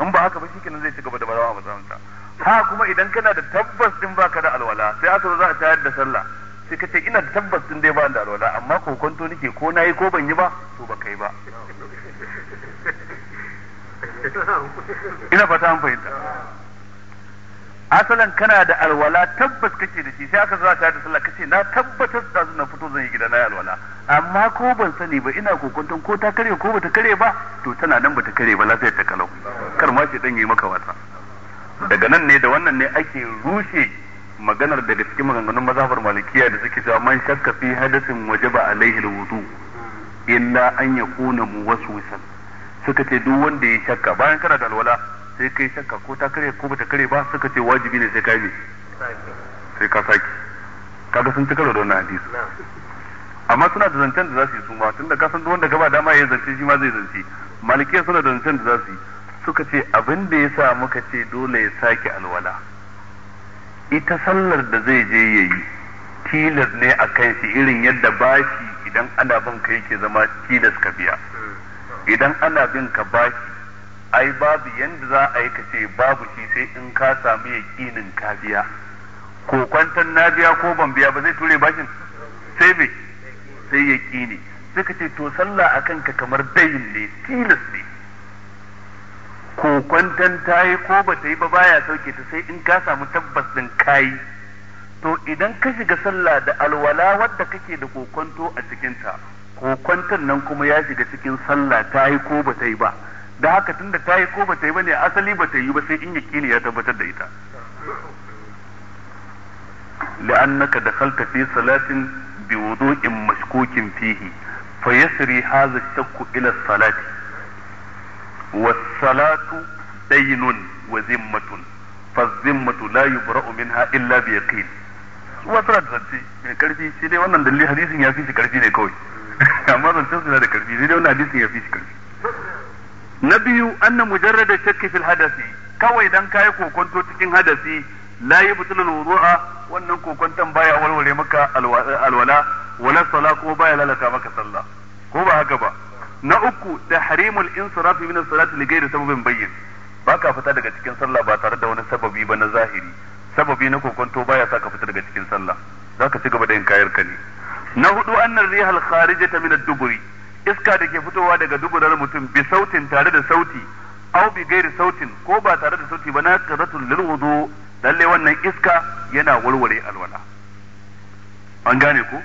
in ba haka ba shikenan zai ci gaba da bazawa a zamanta ha kuma idan kana da tabbas din baka da alwala sai aka zo za a tayar da sallah sai ka ce ina da tabbas din dai ba da alwala amma kokonto nake ko nayi ko ban yi ba to ba kai ba ina fata an fahimta asalan kana da alwala tabbas kake da shi sai aka za ta da sallah kace na tabbatar da na fito zan yi gida na alwala amma ko ban sani ba ina kokonton ko ta kare ko bata kare ba to tana nan bata kare ba lafiyar ta kalau kar ma shi dan yi maka wata daga nan ne da wannan ne ake rushe maganar daga cikin maganganun mazhabar malikiya da suke cewa man shakka fi hadasin wajaba alaihi alwudu illa an yakuna muwaswisan suka ce duk wanda ya shakka bayan kana da alwala sai kai shakka ko ta kare ko bata kare ba suka ce wajibi ne sai kai ne sai ka saki kaga sun ci karo da wannan hadisi amma suna da zancen da za su yi su ma tunda ka san duk wanda gaba dama ya zance shi ma zai zance malikiya suna da zancen da za su yi suka ce abin da ya sa muka ce dole ya sake alwala ita sallar da zai je ya yi tilas ne a kan shi irin yadda bashi idan ana bin ka yake zama tilas ka biya idan ana bin ka bashi ai babu yadda za a yi ka ce babu shi sai in ka samu yaƙinin ka biya ko kwantan na biya ko ban biya ba zai ture bashin sai me sai yaƙini suka ce to sallah akan ka kamar dayin ne tilas ne kokwantan ta yi ko ba ta yi ba baya sauke ta sai in ka samu tabbas din kai to idan ka shiga sallah da alwala wadda kake da kokwanto a cikinta kokwantan nan kuma ya shiga cikin sallah ta yi ko ba ta yi ba da haka tunda ta yi ko ba ta yi ba ne asali ba ta yi ba sai in yakini ya tabbatar da ita لأنك دخلت salatin صلاة بوضوء مشكوك fihi hadha ash-shakku ila Salati. والصلاة دين وذمة فالذمة لا يبرأ منها إلا بيقين wata da zance mai karfi shi dai wannan dalili hadisin ya fi shi karfi ne kawai amma zancen su na da karfi dai wannan hadisin ya fi shi karfi na biyu anna mujarrada shakki fil hadasi kawai dan kayi kokonto cikin hadasi la yubtilu wudu'a wannan kokonton baya walwale maka alwala ko baya lalata maka sallah ko ba haka ba na uku da harimul insirafi min salati li ghairi sababin bayyin baka fita daga cikin sallah ba tare da wani sababi ba na zahiri sababi na kokonto baya sa ka fita daga cikin sallah zaka ci gaba da yin kayar ka ne na hudu annar rihal kharijata min ad-duburi iska da ke fitowa daga duburar mutum bi sautin tare da sauti aw bi ghairi sautin ko ba tare da sauti ba na qadatul lil wudu lalle wannan iska yana warware alwala an gane ko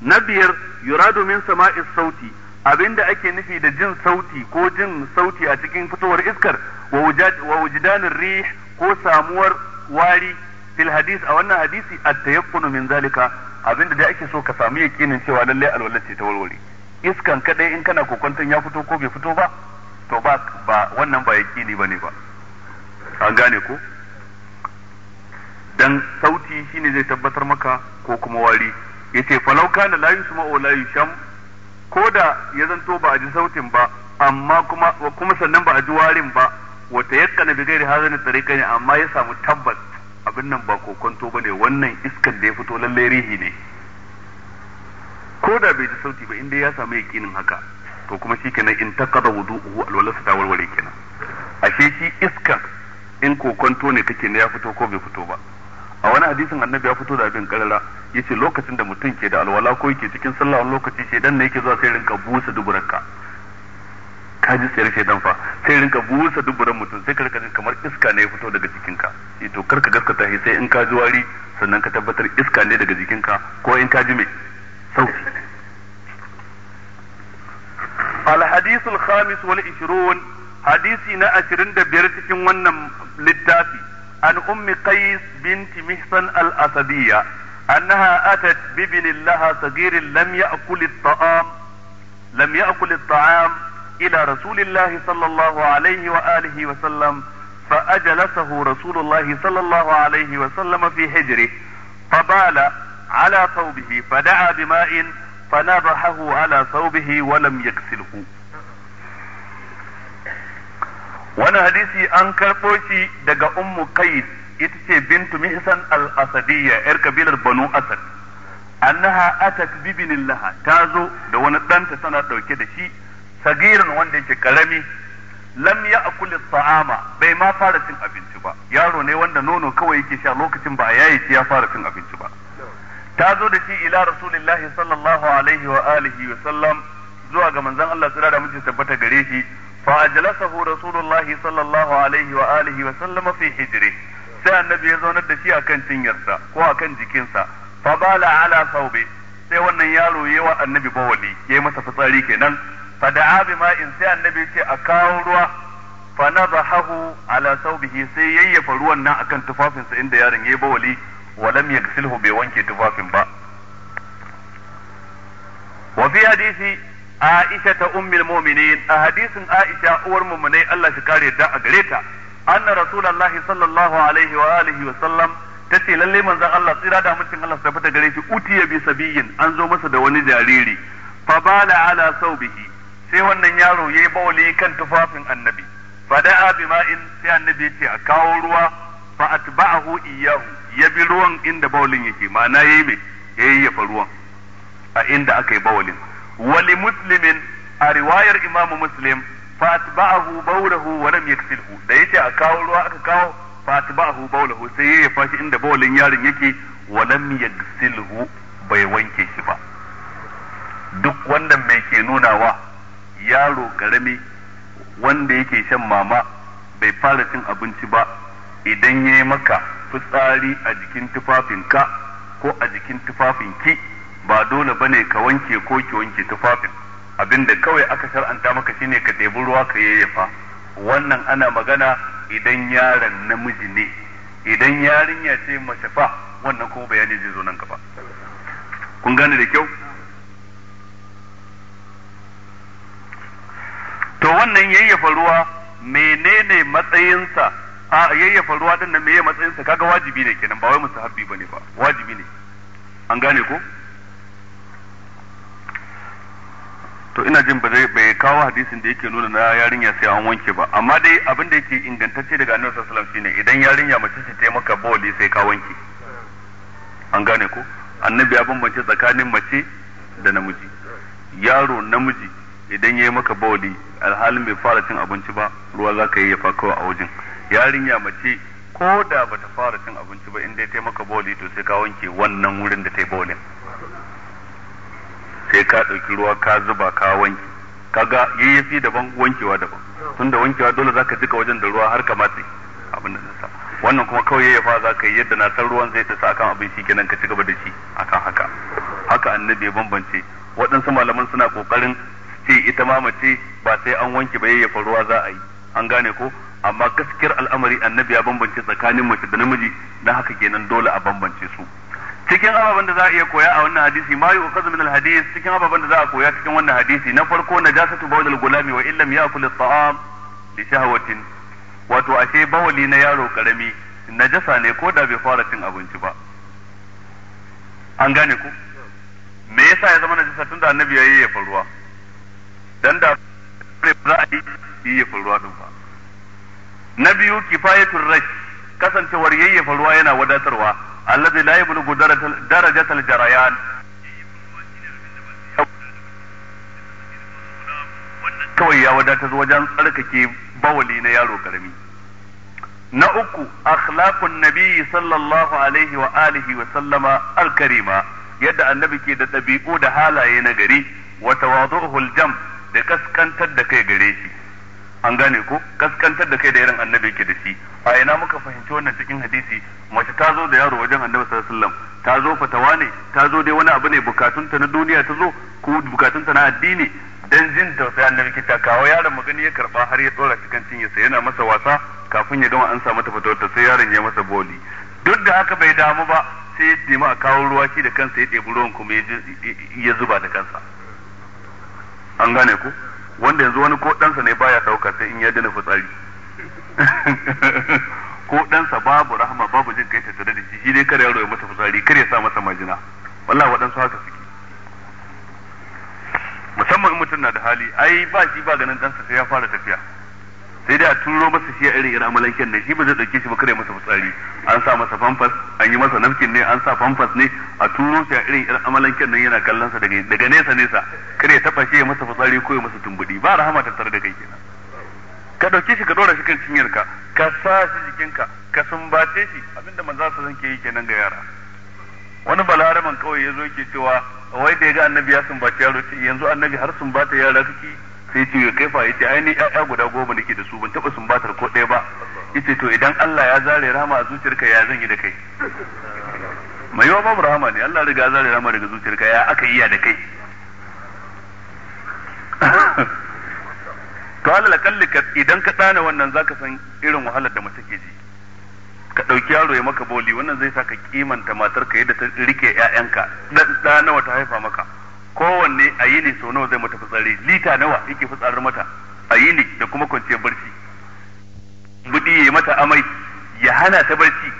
na biyar yuradu min sama'i sauti Abin da ake nufi da jin sauti ko jin sauti a cikin fitowar iskar wa wujdanin rih ko samuwar wari fil hadis a wannan hadisi at tayakkunu min zalika Abin da ake so ka samu yakinin cewa lallai, alwala ce ta warware iskan kadai in kana kokonton ya fito ko bai fito ba to ba wannan ba yakini bane ba an gane ko dan sauti shine zai tabbatar maka ko kuma wari yace falau kana la yusma'u la yusham ko da ya zanto ba a ji sautin ba amma kuma kuma sannan ba a ji warin ba wata na bigai da hazanin tsarika ne amma ya samu tabbas abin nan ba kokonto bane wannan iskan da ya fito lalle rihi ne ko da bai ji sauti ba inda ya samu yakinin haka to kuma shi kenan in taqada wudu'uhu alwalasa ta warware kenan ashe shi iskan in kokonto ne kake ne ya fito ko bai fito ba a wani hadisin annabi ya fito da abin karara yace lokacin da mutum ke da alwala ko yake cikin sallah wani lokaci shedan ne yake zuwa sai rinka busa duburan ka ji tsayar shedan fa sai rinka busa duburan mutum sai ka rinka jin kamar iska ne ya fito daga jikinka shi eh to karka gaskata shi sai in ka ji wari sannan ka tabbatar iska ne daga jikinka ko in ka ji me khamis الحديث الخامس والعشرون na أشرين دبير تكون ونم للتافي عن أم قيس بنت محسن الأسدية أنها أتت بابن لها صغير لم يأكل الطعام لم يأكل الطعام إلى رسول الله صلى الله عليه وآله وسلم فأجلسه رسول الله صلى الله عليه وسلم في حجره فبال على ثوبه فدعا بماء فنبحه على ثوبه ولم يكسله wani hadisi an karɓo shi daga ummu qais ita ce bintu mihsan al-asadiyya yar kabilar banu asad annaha atat bibinin laha ta zo da wani ɗanta tana ɗauke da shi sagirin wanda yake karami lam ya akuli ta'ama bai ma fara cin abinci ba yaro ne wanda nono kawai yake sha lokacin ba a yayi ya fara cin abinci ba ta zo da shi ila rasulillahi sallallahu alaihi wa alihi wa sallam zuwa ga manzon Allah sura da mutum tabbata gare shi fa ajlasahu rasulullahi sallallahu alaihi wa alihi wa sallama fi hijri sai annabi ya zaunar da shi a kan cinyarsa ko a kan jikinsa fa bala ala saube sai wannan yaro yi wa annabi bawali ya yi masa fitsari kenan fa da'a bi ma'in sai annabi ce a kawo ruwa fa nadahahu ala saubihi sai yayyafa ruwan nan akan tufafinsa inda yaron ya yi bawali wa lam yaghsilhu bai wanke tufafin ba wa fi hadisi Aisha ta ummul mu'minin a hadisin Aisha uwar mu'minai Allah shi kare da a gare ta anna rasulullahi sallallahu alaihi wa alihi wa sallam tace lalle manzon Allah tsira da mutum Allah sai fita gare shi utiya bi sabiyin an zo masa da wani jariri fa bala ala saubihi sai wannan yaro yayi bawli kan tufafin annabi fa da'a ma'in sai annabi ce a kawo ruwa fa atba'ahu iyyahu ya bi ruwan inda bawlin yake ma'ana yayi me yayi ya faruwa a inda aka yi bawlin wali muslimin a riwayar imamu muslim fa atba'ahu bawlahu wa yaksilhu da yace a kawo ruwa aka kawo fa atba'ahu sai ya fashi inda bawlin yarin yake wa lam yaksilhu bai wanke shi ba duk wanda mai ke nunawa yaro karami wanda yake shan mama bai fara cin abinci ba idan yayi maka fitsari a jikin tufafinka ko a jikin tufafinki ba dole bane ka wanke ko ki wanke tufafin abinda kawai aka shar'anta maka shine ka ɗebi ruwa ka yayyafa wannan ana magana idan yaron namiji ne idan yarinya ce mace fa wannan kuma bayani zai zo nan gaba kun gane da kyau to wannan yayyafa ruwa menene matsayinsa a yayyafa ruwa din nan meye matsayinsa kaga wajibi ne kenan ba wai musahabi bane ba wajibi ne an gane ko to ina jin ba zai bai kawo hadisin da yake nuna na yarinya sai an wanke ba amma dai abin da yake ingantacce daga annabi sallallahu alaihi wasallam shine idan yarinya mace ce ta maka bawli sai ka wanke an gane ko annabi ya bambance tsakanin mace da namiji yaro namiji idan yayi maka bawli alhalin bai fara cin abinci ba ruwa za ka yi ya fakawa a wajen yarinya mace ko da bata fara cin abinci ba in dai ta maka bawli to sai ka wanke wannan wurin da ta yi bawlin sai ka ɗauki ruwa ka zuba ka wanke kaga yayyafi daban wankewa daban tun da wankewa dole zaka jika wajen da ruwa har ka matse abin da sa wannan kuma kawai yayyafa zaka yi yadda na san ruwan zai tsa akan abin shi kenan ka ci gaba da shi akan haka haka annabi ya bambance waɗansu malaman suna kokarin ce ita ma mace ba sai an wanke ba yayyafa ruwa za a yi an gane ko amma gaskiyar al'amari annabi ya bambance tsakanin mace da namiji na haka kenan dole a bambance su cikin ababen da za a iya koya a wannan hadisi ma yu'khadhu min al cikin ababen da za a koya cikin wannan hadisi na farko najasatu bawl gulami wa illam ya'kul at-ta'am li shahwatin wato ashe bawali na yaro karami najasa ne ko da bai fara cin abinci ba an gane ku me yasa ya zama najasa tunda annabi yayi ya faruwa dan da za a yi ya faruwa din fa na biyu kifayatul rashi. kasancewar yayyafa ruwa yana wadatarwa allazi la yablughu darajatal jarayan kawai ya wadatar wajen tsarkake bawali na yaro karami na uku akhlaqun nabiyyi sallallahu alaihi wa alihi wa sallama alkarima yadda annabi ke da ɗabi'u da halaye na gari wa tawadu'uhul jam da kaskantar da kai gare shi an gane ko kaskantar da kai da irin annabi yake da shi a ina muka fahimci wannan cikin hadisi mace ta zo da yaro wajen annabi sallallahu alaihi wasallam ta zo fatawa ne ta zo dai wani abu ne bukatunta na duniya ta zo ko bukatunta na addini dan jin sai annabi ke ta kawo yaron magani ya karba har ya dora cikin kan cinye sa yana masa wasa kafin ya gama an sa mata fatawa ta sai yaron ya masa boli duk da haka bai damu ba sai ya dima a kawo ruwa shi da kansa ya ɗebi ruwan kuma ya zuba da kansa an gane ku wanda yanzu wani ko ɗansa ne baya ɗauka sai in ya dina fitsari ko ɗansa babu rahama babu jin kai tattare da shi shi dai kar ya ya masa fitsari kar ya sa masa majina wallahi waɗansu haka suke musamman mutum na da hali ai ba shi ba ganin ɗansa sai ya fara tafiya sai dai a turo masa shi a irin irin amalanken ne shi ba zai dauke shi ba kare masa fitsari an sa masa famfas an yi masa namkin ne an sa famfas ne a turo shi a irin irin amalanken nan yana kallon sa daga daga nesa nesa kare taba shi ya masa fitsari ko ya masa tumbudi ba rahama tattare da kai kenan ka dauke shi ka dora shi kan cinyarka ka sa shi jikinka ka sumbace shi abinda manzo sa zan ke yi kenan ga yara wani balaraman kawai ya zo ke cewa wai da ya ga annabi ya sumbace yaro yanzu annabi har sumbata yara kake sai ce kai fa yace ce ainihin ƴaƴa guda goma nake da su ban taba sumbatar ko ɗaya ba yace to idan Allah ya zare rama a zuciyarka ya zan yi da kai mai yawa babu rama ne Allah riga zare rama daga zuciyarka ya aka yi ya da kai to alal kalli idan ka dana wannan zaka san irin wahalar da mace ke ji ka ɗauki yaro ya maka boli wannan zai sa ka kimanta matarka yadda ta rike ƴaƴanka dan dana nawa ta haifa maka kowanne a yini sau nawa zai mata fitsari lita nawa yake fitsarar mata a yini da kuma kwanciyar barci budi ya mata amai ya hana ta barci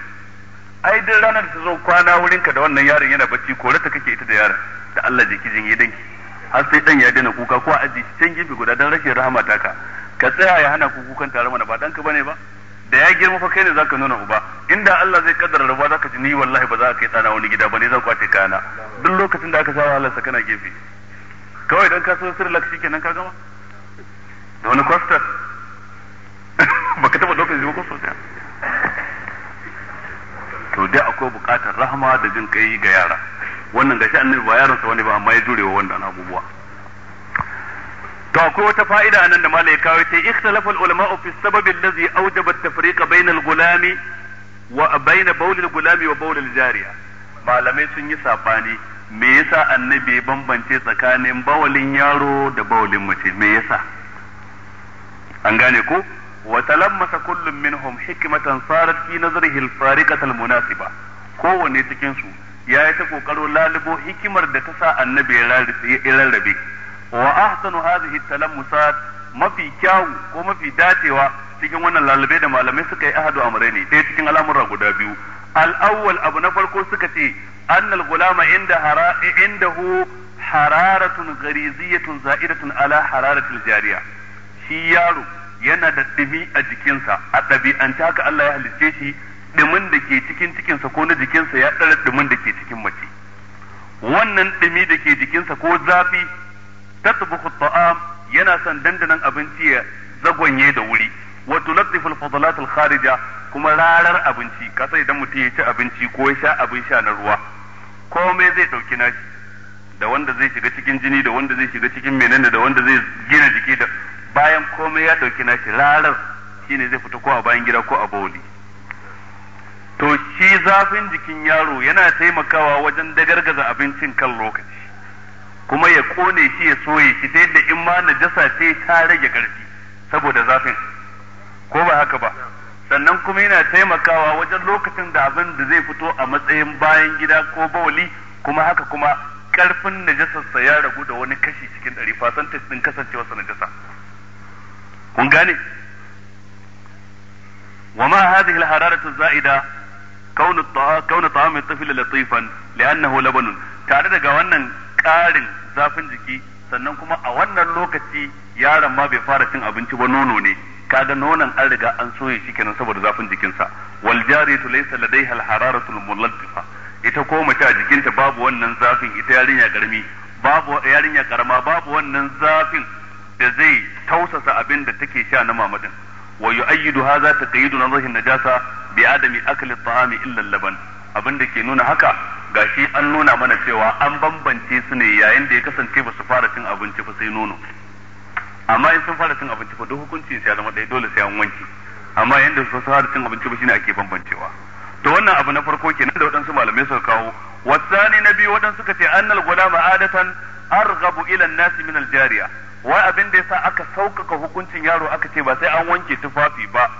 ai duk ranar da ta zo kwana wurin ka da wannan yaron yana barci kore ta kake ita da yaron da Allah jiki jin yi danki har sai dan ya daina kuka ko a aji can gefe guda dan rashin rahama ta ka tsaya ya hana ku kukan tare mana ba danka bane ba da ya girma fa kai ne zaka nuna uba inda Allah zai kaddara rabuwa zaka ji ni wallahi ba za ka kai tsana wani gida ba ne zan kwace kana duk lokacin da aka sa Allah sa kana gefe kawai dan ka so sirlak shikenan ka gama da wani kwastar baka taba dokar zuwa ba kwastar ɗaya to dai akwai bukatar rahama da jin kai ga yara wannan gashi annabi ba yaransa wani ba amma ya jurewa wannan abubuwa da akwai wata fa'ida anan da malai kawo ce ikhtalafa ulama fi sababin allazi awjaba at-tafriq bayna al-gulami wa bayna bawl al-gulami wa bawl al-jariya malamai sun yi sabani me yasa annabi bambance tsakanin bawalin yaro da bawalin mace me yasa an gane ko wa talammasa kullum minhum hikmatan sarat fi nazrihi al fariqa al-munasiba kowanne cikin su yayi ta kokarin lalubo hikimar da ta sa annabi ya rarrabe wa ahsanu hadhihi talamusat mafi kyawu ko mafi dacewa cikin wannan lalube da malamai suka yi ahadu amrai ne ɗaya cikin al'amura guda biyu al'awwal abu na farko suka ce annal gulama inda hara hu hararatun ghariziyatun za'idatun ala hararatil jariya shi yaro yana da dumi a jikinsa a ɗabi'ance haka Allah ya halicce shi dumin da ke cikin cikinsa ko na jikinsa ya ɗara dumin da ke cikin mace wannan dumi da ke jikinsa ko zafi tatbukhu taam yana son dandanan abinci ya zagonye da wuri wa tulattifu al-fadalat al-kharija kuma rarar abinci kasa idan mutum ya ci abinci ko ya sha abin sha na ruwa komai zai dauki nashi da wanda zai shiga cikin jini da wanda zai shiga cikin menene da wanda zai gina jiki da bayan komai ya dauki nashi rarar shine zai fita ko a bayan gida ko a bawli to shi zafin jikin yaro yana taimakawa wajen dagargaza abincin kan lokaci kuma ya kone shi ya soye shi ta da in ma najasa ce ta rage ƙarfi saboda zafin ko ba haka ba sannan kuma yana taimakawa wajen lokacin da abin da zai fito a matsayin bayan gida ko bawali kuma haka kuma ƙarfin najasarsa ya ragu da wani kashi cikin ɗari fasantis ɗin kasancewarsa najasa kun gane wa وما za'ida الحرارة الزائدة كون الطعام كون طعام الطفل لطيفا labanun tare daga wannan ƙarin zafin jiki sannan kuma a wannan lokaci yaron ma bai fara cin abinci ba nono ne kaga nonon an riga an soye shi kenan saboda zafin jikinsa wal jariyatu laysa ladayha al hararatu al muladdifa ita ko mace a jikinta babu wannan zafin ita yarinya garmi babu yarinya karama babu wannan zafin da zai tausasa abin da take sha na mamadin wa yu'ayyidu hadha taqyidun nadhihi najasa bi adami akli at-ta'ami illa al-laban abin da ke nuna haka gashi an nuna mana cewa an bambance su ne yayin da ya kasance ba su fara cin abinci ba sai nono amma in sun fara cin abinci fa duk hukuncin sai zama ɗaya dole sai an wanke amma yayin da su fara cin abinci ba shine ake bambancewa to wannan abu na farko kenan da waɗansu malamai suka kawo wasani na biyu waɗansu suka ce annal gulama adatan arghabu ila nasi min jariya wai abin da yasa aka sauƙaƙa hukuncin yaro aka ce ba sai an wanke tufafi ba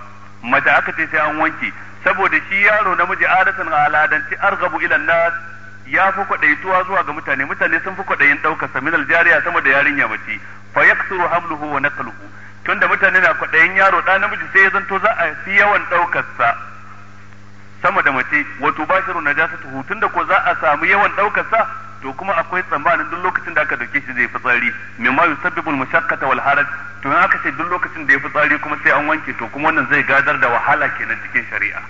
mace aka ce sai an wanke saboda shi yaro namiji adatan a aladanci argabu ilan nas ya fi kwadaituwa zuwa ga mutane mutane sun fi kwaɗayin daukar sa minal jariya sama da yarinya mace fa yaksuru hamluhu wa naqluhu tunda mutane na kwaɗayin yaro dan namiji sai ya zanto za a fi yawan daukar sa sama da mace wato tuhu tun da ko za a samu yawan ɗaukar sa to kuma akwai tsammanin duk lokacin da aka dauke shi zai fitsari mai yusabbibu al-mashaqqata wal haraj to in aka ce duk lokacin da ya fitsari kuma sai an wanke to kuma wannan zai gadar da wahala kenan cikin shari'a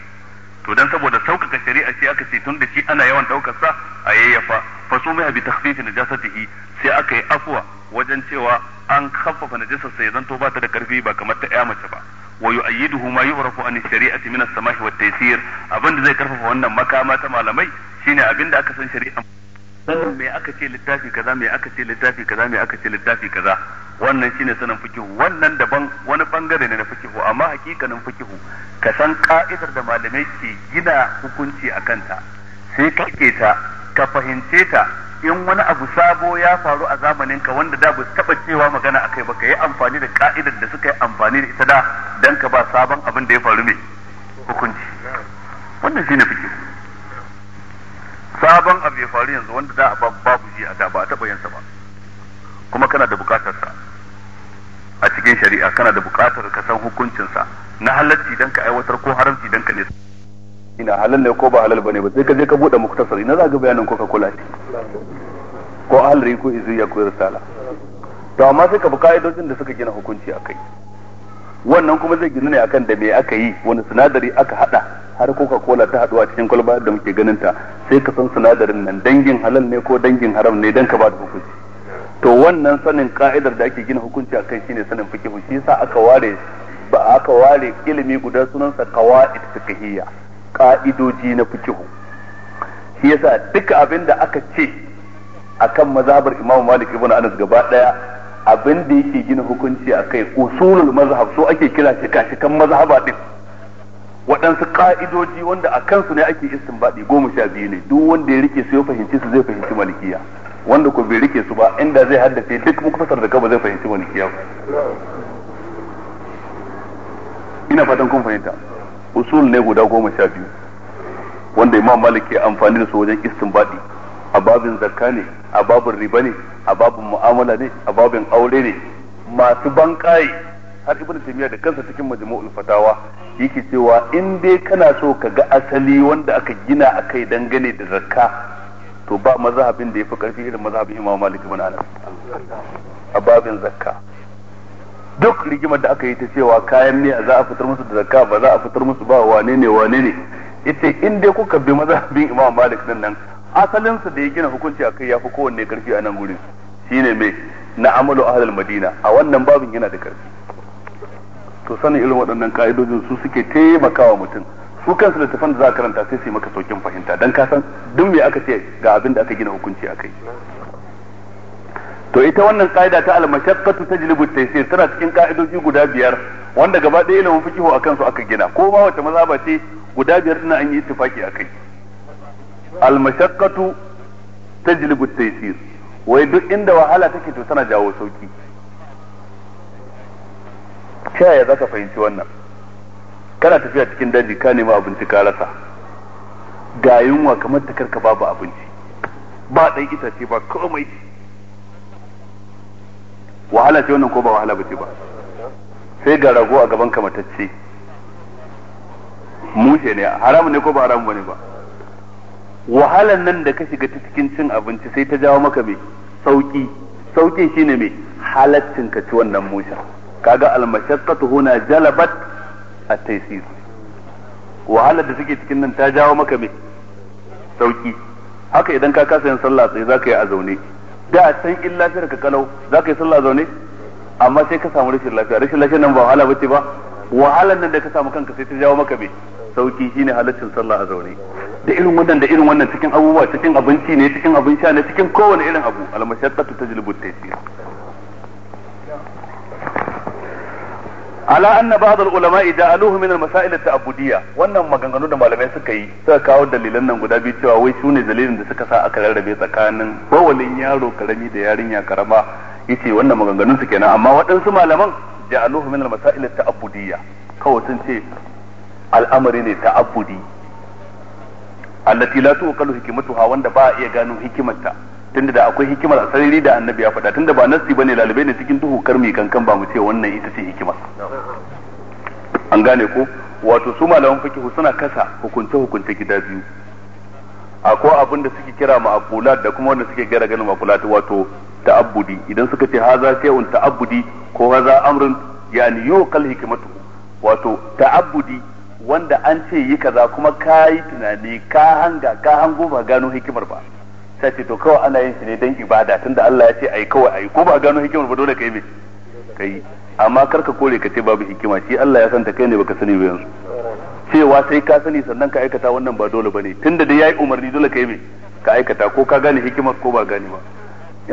to dan saboda sauƙaƙa shari'a sai aka ce tun da shi ana yawan ɗaukar sa a yayyafa fa su mai bi takhfifi najasatihi sai aka yi afwa wajen cewa an khaffafa najasar sai zanto ba ta da karfi ba kamar ta ƴa mace ba wa yu'ayyiduhu ma yu'rafu an shari'ati min as-samahi wat taysir abinda zai karfafa wannan makama ta malamai shine abinda aka san shari'a sannan me aka ce littafi kaza me aka ce littafi kaza me aka ce littafi kaza wannan shine sanin wannan daban wani bangare ne na fikihu amma hakikanin fikihu ka san ka'idar da malamai ke gina hukunci a kanta sai ta ka fahimce ta in wani abu sabo ya faru a zamanin ka wanda da ba su taba cewa magana akai ba ka yi amfani da ka'idar da suka yi amfani da ita da dan ka ba sabon abin da ya faru mai hukunci wannan shine fiki sabon abu ya faru yanzu wanda da babu shi a da ba a taba yin ba kuma kana da bukatar sa a cikin shari'a kana da bukatar ka san hukuncin sa na halalci dan ka aiwatar ko haramci dan ka ne ina halal ne ko ba halal bane ba sai ka je ka bude muktasar ina za ga bayanin coca cola ce ko ahlari ko ya ko risala to amma sai ka bi ka'idojin da suka gina hukunci akai wannan kuma zai gina ne akan da me aka yi wani sinadari aka hada har coca cola ta haduwa cikin kwalba da muke ganin ta sai ka san sinadarin nan dangin halal ne ko dangin haram ne dan ka ba da hukunci to wannan sanin ka'idar da ake gina hukunci akai shine sanin fiqh shi yasa aka ware ba aka ware ilimi guda sunansa qawaid fiqhiyya ka'idoji na fikihu shi yasa duka abin da aka ce akan mazhabar Imam Malik ibn Anas gaba daya abin da yake gina hukunci akai usulul mazhab so ake kira shi kan mazhaba din waɗansu ka'idoji wanda a kansu ne ake istinbadi goma sha biyu ne duk wanda ya rike su ya fahimci su zai fahimci malikiya wanda ko bai rike su ba inda zai haddace duk kusa da kaba zai fahimci malikiya ina fatan kun fahimta usul ne guda goma sha biyu wanda imam malik ke amfani da su wajen istinbadi a babin zakka ne a babin riba ne a babin mu'amala ne a babin aure ne masu banƙaye har ibnu taymiya da kansa cikin majmu'ul fatawa yake cewa in dai kana so ka ga asali wanda aka gina a kai dangane da zakka to ba mazhabin da yafi karfi irin mazhabin imam malik ibn anas a babin zakka duk rigimar da aka yi ta cewa kayan miya za a fitar musu da zakka ba za a fitar musu ba wane ne wane ne ita in dai kuka bi mazhabin Imam Malik din nan asalin sa da ya gina hukunci akai yafi kowanne karfi a nan gurin shine me na amalu ahlul madina a wannan babin yana da karfi to sanin irin waɗannan ka'idojin su suke taimakawa mutum su kansu tafan da za a karanta sai su yi maka saukin fahimta dan ka san duk me aka ce ga abin da aka gina hukunci akai to ita wannan ka'ida ta al-mashaqqatu tajlibu taysir tana cikin ka'idoji guda biyar wanda gaba ɗaya ilimin fiqh akan su aka gina ko ba wata ba ce guda biyar din an yi ittifaki akai al-mashaqqatu tajlibu taysir wai duk inda wahala take to tana jawo sauki ta yaya zaka fahimci wannan kana tafiya cikin daji ka nema abinci ka rasa ga yunwa kamar ta karka babu abinci ba ɗan itace ba komai wahala ce wannan ko ba wahala bace ba sai ga rago a gaban kamatacce mushe ne haramun ne ko ba haramun bane ba wahalan nan da ka shiga ta cikin cin abinci sai ta jawo maka mai sauki saukin shine mai halaccin ka ci wannan musha kaga almashaqqatu huna jalabat at-taysir wahalar da suke cikin nan ta jawo maka mai sauki haka idan ka kasa yin sallah sai zaka yi a zaune da san in lafiyar ka kalau za ka yi sallah zaune amma sai ka samu rashin lafiya rashin lafiyar nan ba wahala bace ba wahalan nan da ka samu kanka sai ta jawo maka me sauki shine halaccin sallah a zaune da irin wannan da irin wannan cikin abubuwa cikin abinci ne cikin abin sha ne cikin kowane irin abu almashaqqatu tajlibu at-taysir ala anna ba'd al-ulama ja'aluhu min al-masail al tabudiyya wannan maganganu da malamai suka yi suka kawo dalilan nan guda biyu cewa wai sune dalilin da suka sa aka rarrabe tsakanin bawalin yaro karami da yarinya karama yace wannan maganganun su kenan amma waɗansu malaman ja'aluhu min al-masail al tabudiyya kawai sun ce al'amari ne ta'abbudi allati la tuqalu hikmatuha wanda ba a iya gano hikimarta tunda da akwai hikimar a sarari da annabi ya faɗa tunda ba nassi bane lalibai ne cikin duhu karmi kankan ba mu ce wannan ita ce hikimar an gane ko wato su malaman fikihu suna kasa hukunce hukunce gida biyu akwai abin da suke kira ma'akulat da kuma wanda suke gara ganin ma'akulat wato ta'abbudi idan suka ce haza shay'un ta'abbudi ko haza amrun yani kal hikmatu wato ta'abbudi wanda an ce yi kaza kuma kayi tunani ka hanga ka hango ba gano hikimar ba sai ce to kawai ana yin shi ne don ibada tunda Allah ya ce ai kawai ai ko ba gano hikimar ba dole kai me kai amma kar ka kore ka ce babu hikima shi Allah ya santa kai ne baka sani ba yanzu cewa sai ka sani sannan ka aikata wannan ba dole bane tunda da yayi umarni dole ka yi me ka aikata ko ka gane hikima ko ba gane ba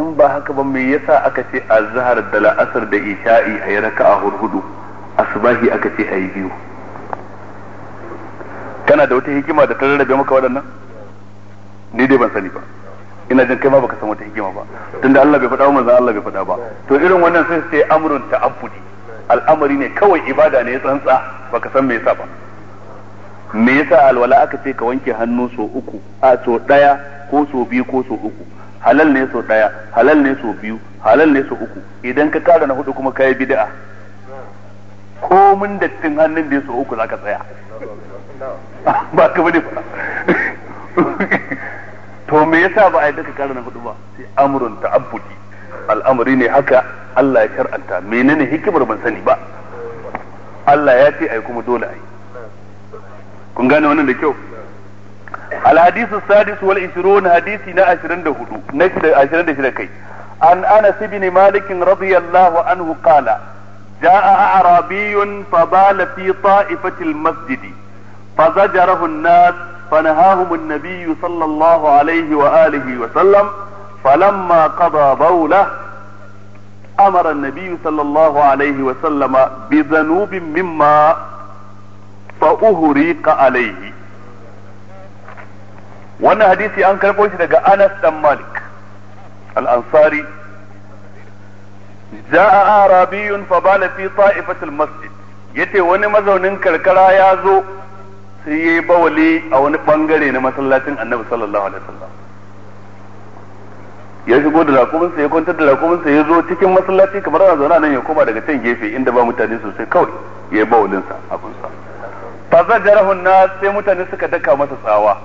in ba haka ba me yasa aka ce azhar da la'asar da isha'i ayi raka'a hurhudu asbahi aka ce ayi biyu kana da wata hikima da ta rarrabe maka waɗannan ni dai ban sani ba ina jin kai ma baka san wata hikima ba tunda Allah bai faɗa manzon Allah bai faɗa ba to irin wannan sai sai amrun ta'abbudi al'amari ne kawai ibada ne tsantsa baka san me yasa ba me yasa alwala aka ce ka wanke hannu so uku a so daya ko so biyu ko so uku halal ne so daya halal ne so biyu halal ne so uku idan ka kara na hudu kuma kai bid'a komin dattin hannun da ya so uku zaka tsaya ba ka bane ba to me yasa ba a yi duka karana hudu ba sai amrun ta'abbudi al'amari ne haka Allah ya shar'anta menene hikimar ban sani ba Allah ya ce ai kuma dole ai kun gane wannan da kyau الحديث السادس والعشرون حديث نا عشرين ده عشرين ده شركي عن أنس بن مالك رضي الله عنه قال جاء أعرابي فبال في طائفة المسجد فزجره الناس فنهاهم النبي صلى الله عليه وآله وسلم فلما قضى بوله أمر النبي صلى الله عليه وسلم بذنوب مما فأهريق عليه hadisi an karɓo shi daga Anas da Malik al-Ansari ja'a arabiyun fa bala fi ta'ifatil masjid yace wani mazaunin karkara ya zo sai yi bawali a wani bangare na masallacin annabi sallallahu alaihi wasallam ya shigo da lakuminsa ya kwantar da lakuminsa ya zo cikin masallaci kamar yana zaune nan ya koma daga can gefe inda ba mutane sosai kawai ya yi bawalinsa abun sa fa jarahun na sai mutane suka daka masa tsawa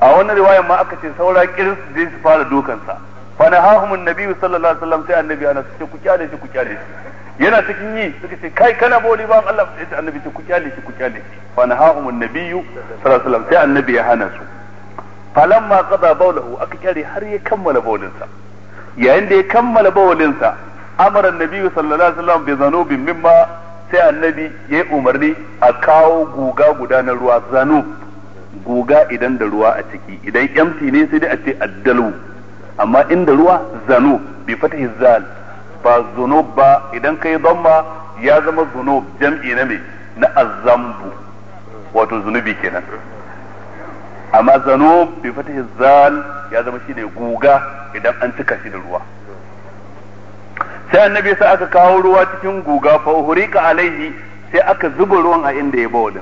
a wani riwayan ma aka ce saura su je su fara dukansa fa nahahum Nabiyu sallallahu alaihi wasallam sai annabi ana ce ku kyale shi ku kyale shi yana cikin yi suka ce kai kana boli ba Allah ya ce annabi ce ku kyale shi ku kyale shi fa nahahum annabiyyu sallallahu alaihi wasallam sai annabi ya hana su falamma qada bawlahu aka kyare har ya kammala sa yayin da ya kammala sa amara annabi sallallahu alaihi wasallam bi zanubi mimma sai annabi ya umarni a kawo guga guda na ruwa zanub guga idan da ruwa a ciki idan empty ne sai dai a ce addalu amma inda ruwa zanu bi fatahi zal ba zunub ba idan kai dhamma ya zama zunub jam'i na me na azambu wato zunubi kenan amma zanub bi fatihi zal ya zama shi ne guga idan an cika shi da ruwa sai annabi sai aka kawo ruwa cikin guga fa hurika alaihi sai aka zuba ruwan a inda ya ba bawalin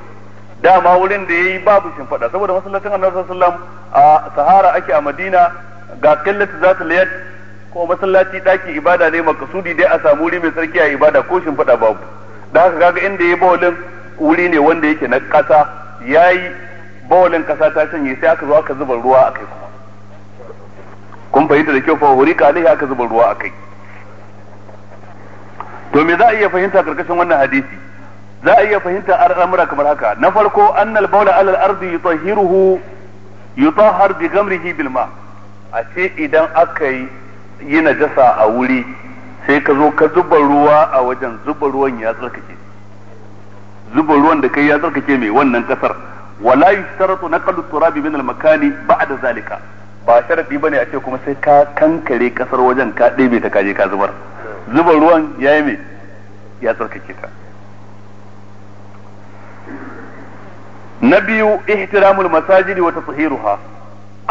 dama wurin da yayi babu shimfiɗa saboda masallacin annabi sallallahu alaihi wasallam a sahara ake a madina ga qillat zatul yad ko masallaci daki ibada ne makasudi dai a samu wuri mai tsarki a ibada ko shin fada babu da haka kaga inda yayi bawalin wuri ne wanda yake na kasa yayi bawalin kasa ta canye sai aka zo aka zuba ruwa akai kuma kun fahimta da kyau fa wuri ka alaihi aka zuba ruwa akai to me za a iya fahimta karkashin wannan hadisi za a iya fahimta al'amura kamar haka na farko annal bawla alal ardi yutahhiruhu yutahhar bi gamrihi bil ma a ce idan aka yi yi najasa a wuri sai ka zo ka zuba ruwa a wajen zuba ruwan ya tsarkake zuba ruwan da kai ya tsarkake mai wannan kasar wala yushtaratu naqlu turabi min al-makani ba'da zalika ba sharadi bane a ce kuma sai ka kankare kasar wajen ka ɗebe ta kaje ka zubar zuba ruwan yayi mai ya tsarkake ta na biyu ihtiramul masajidi wa tathiruha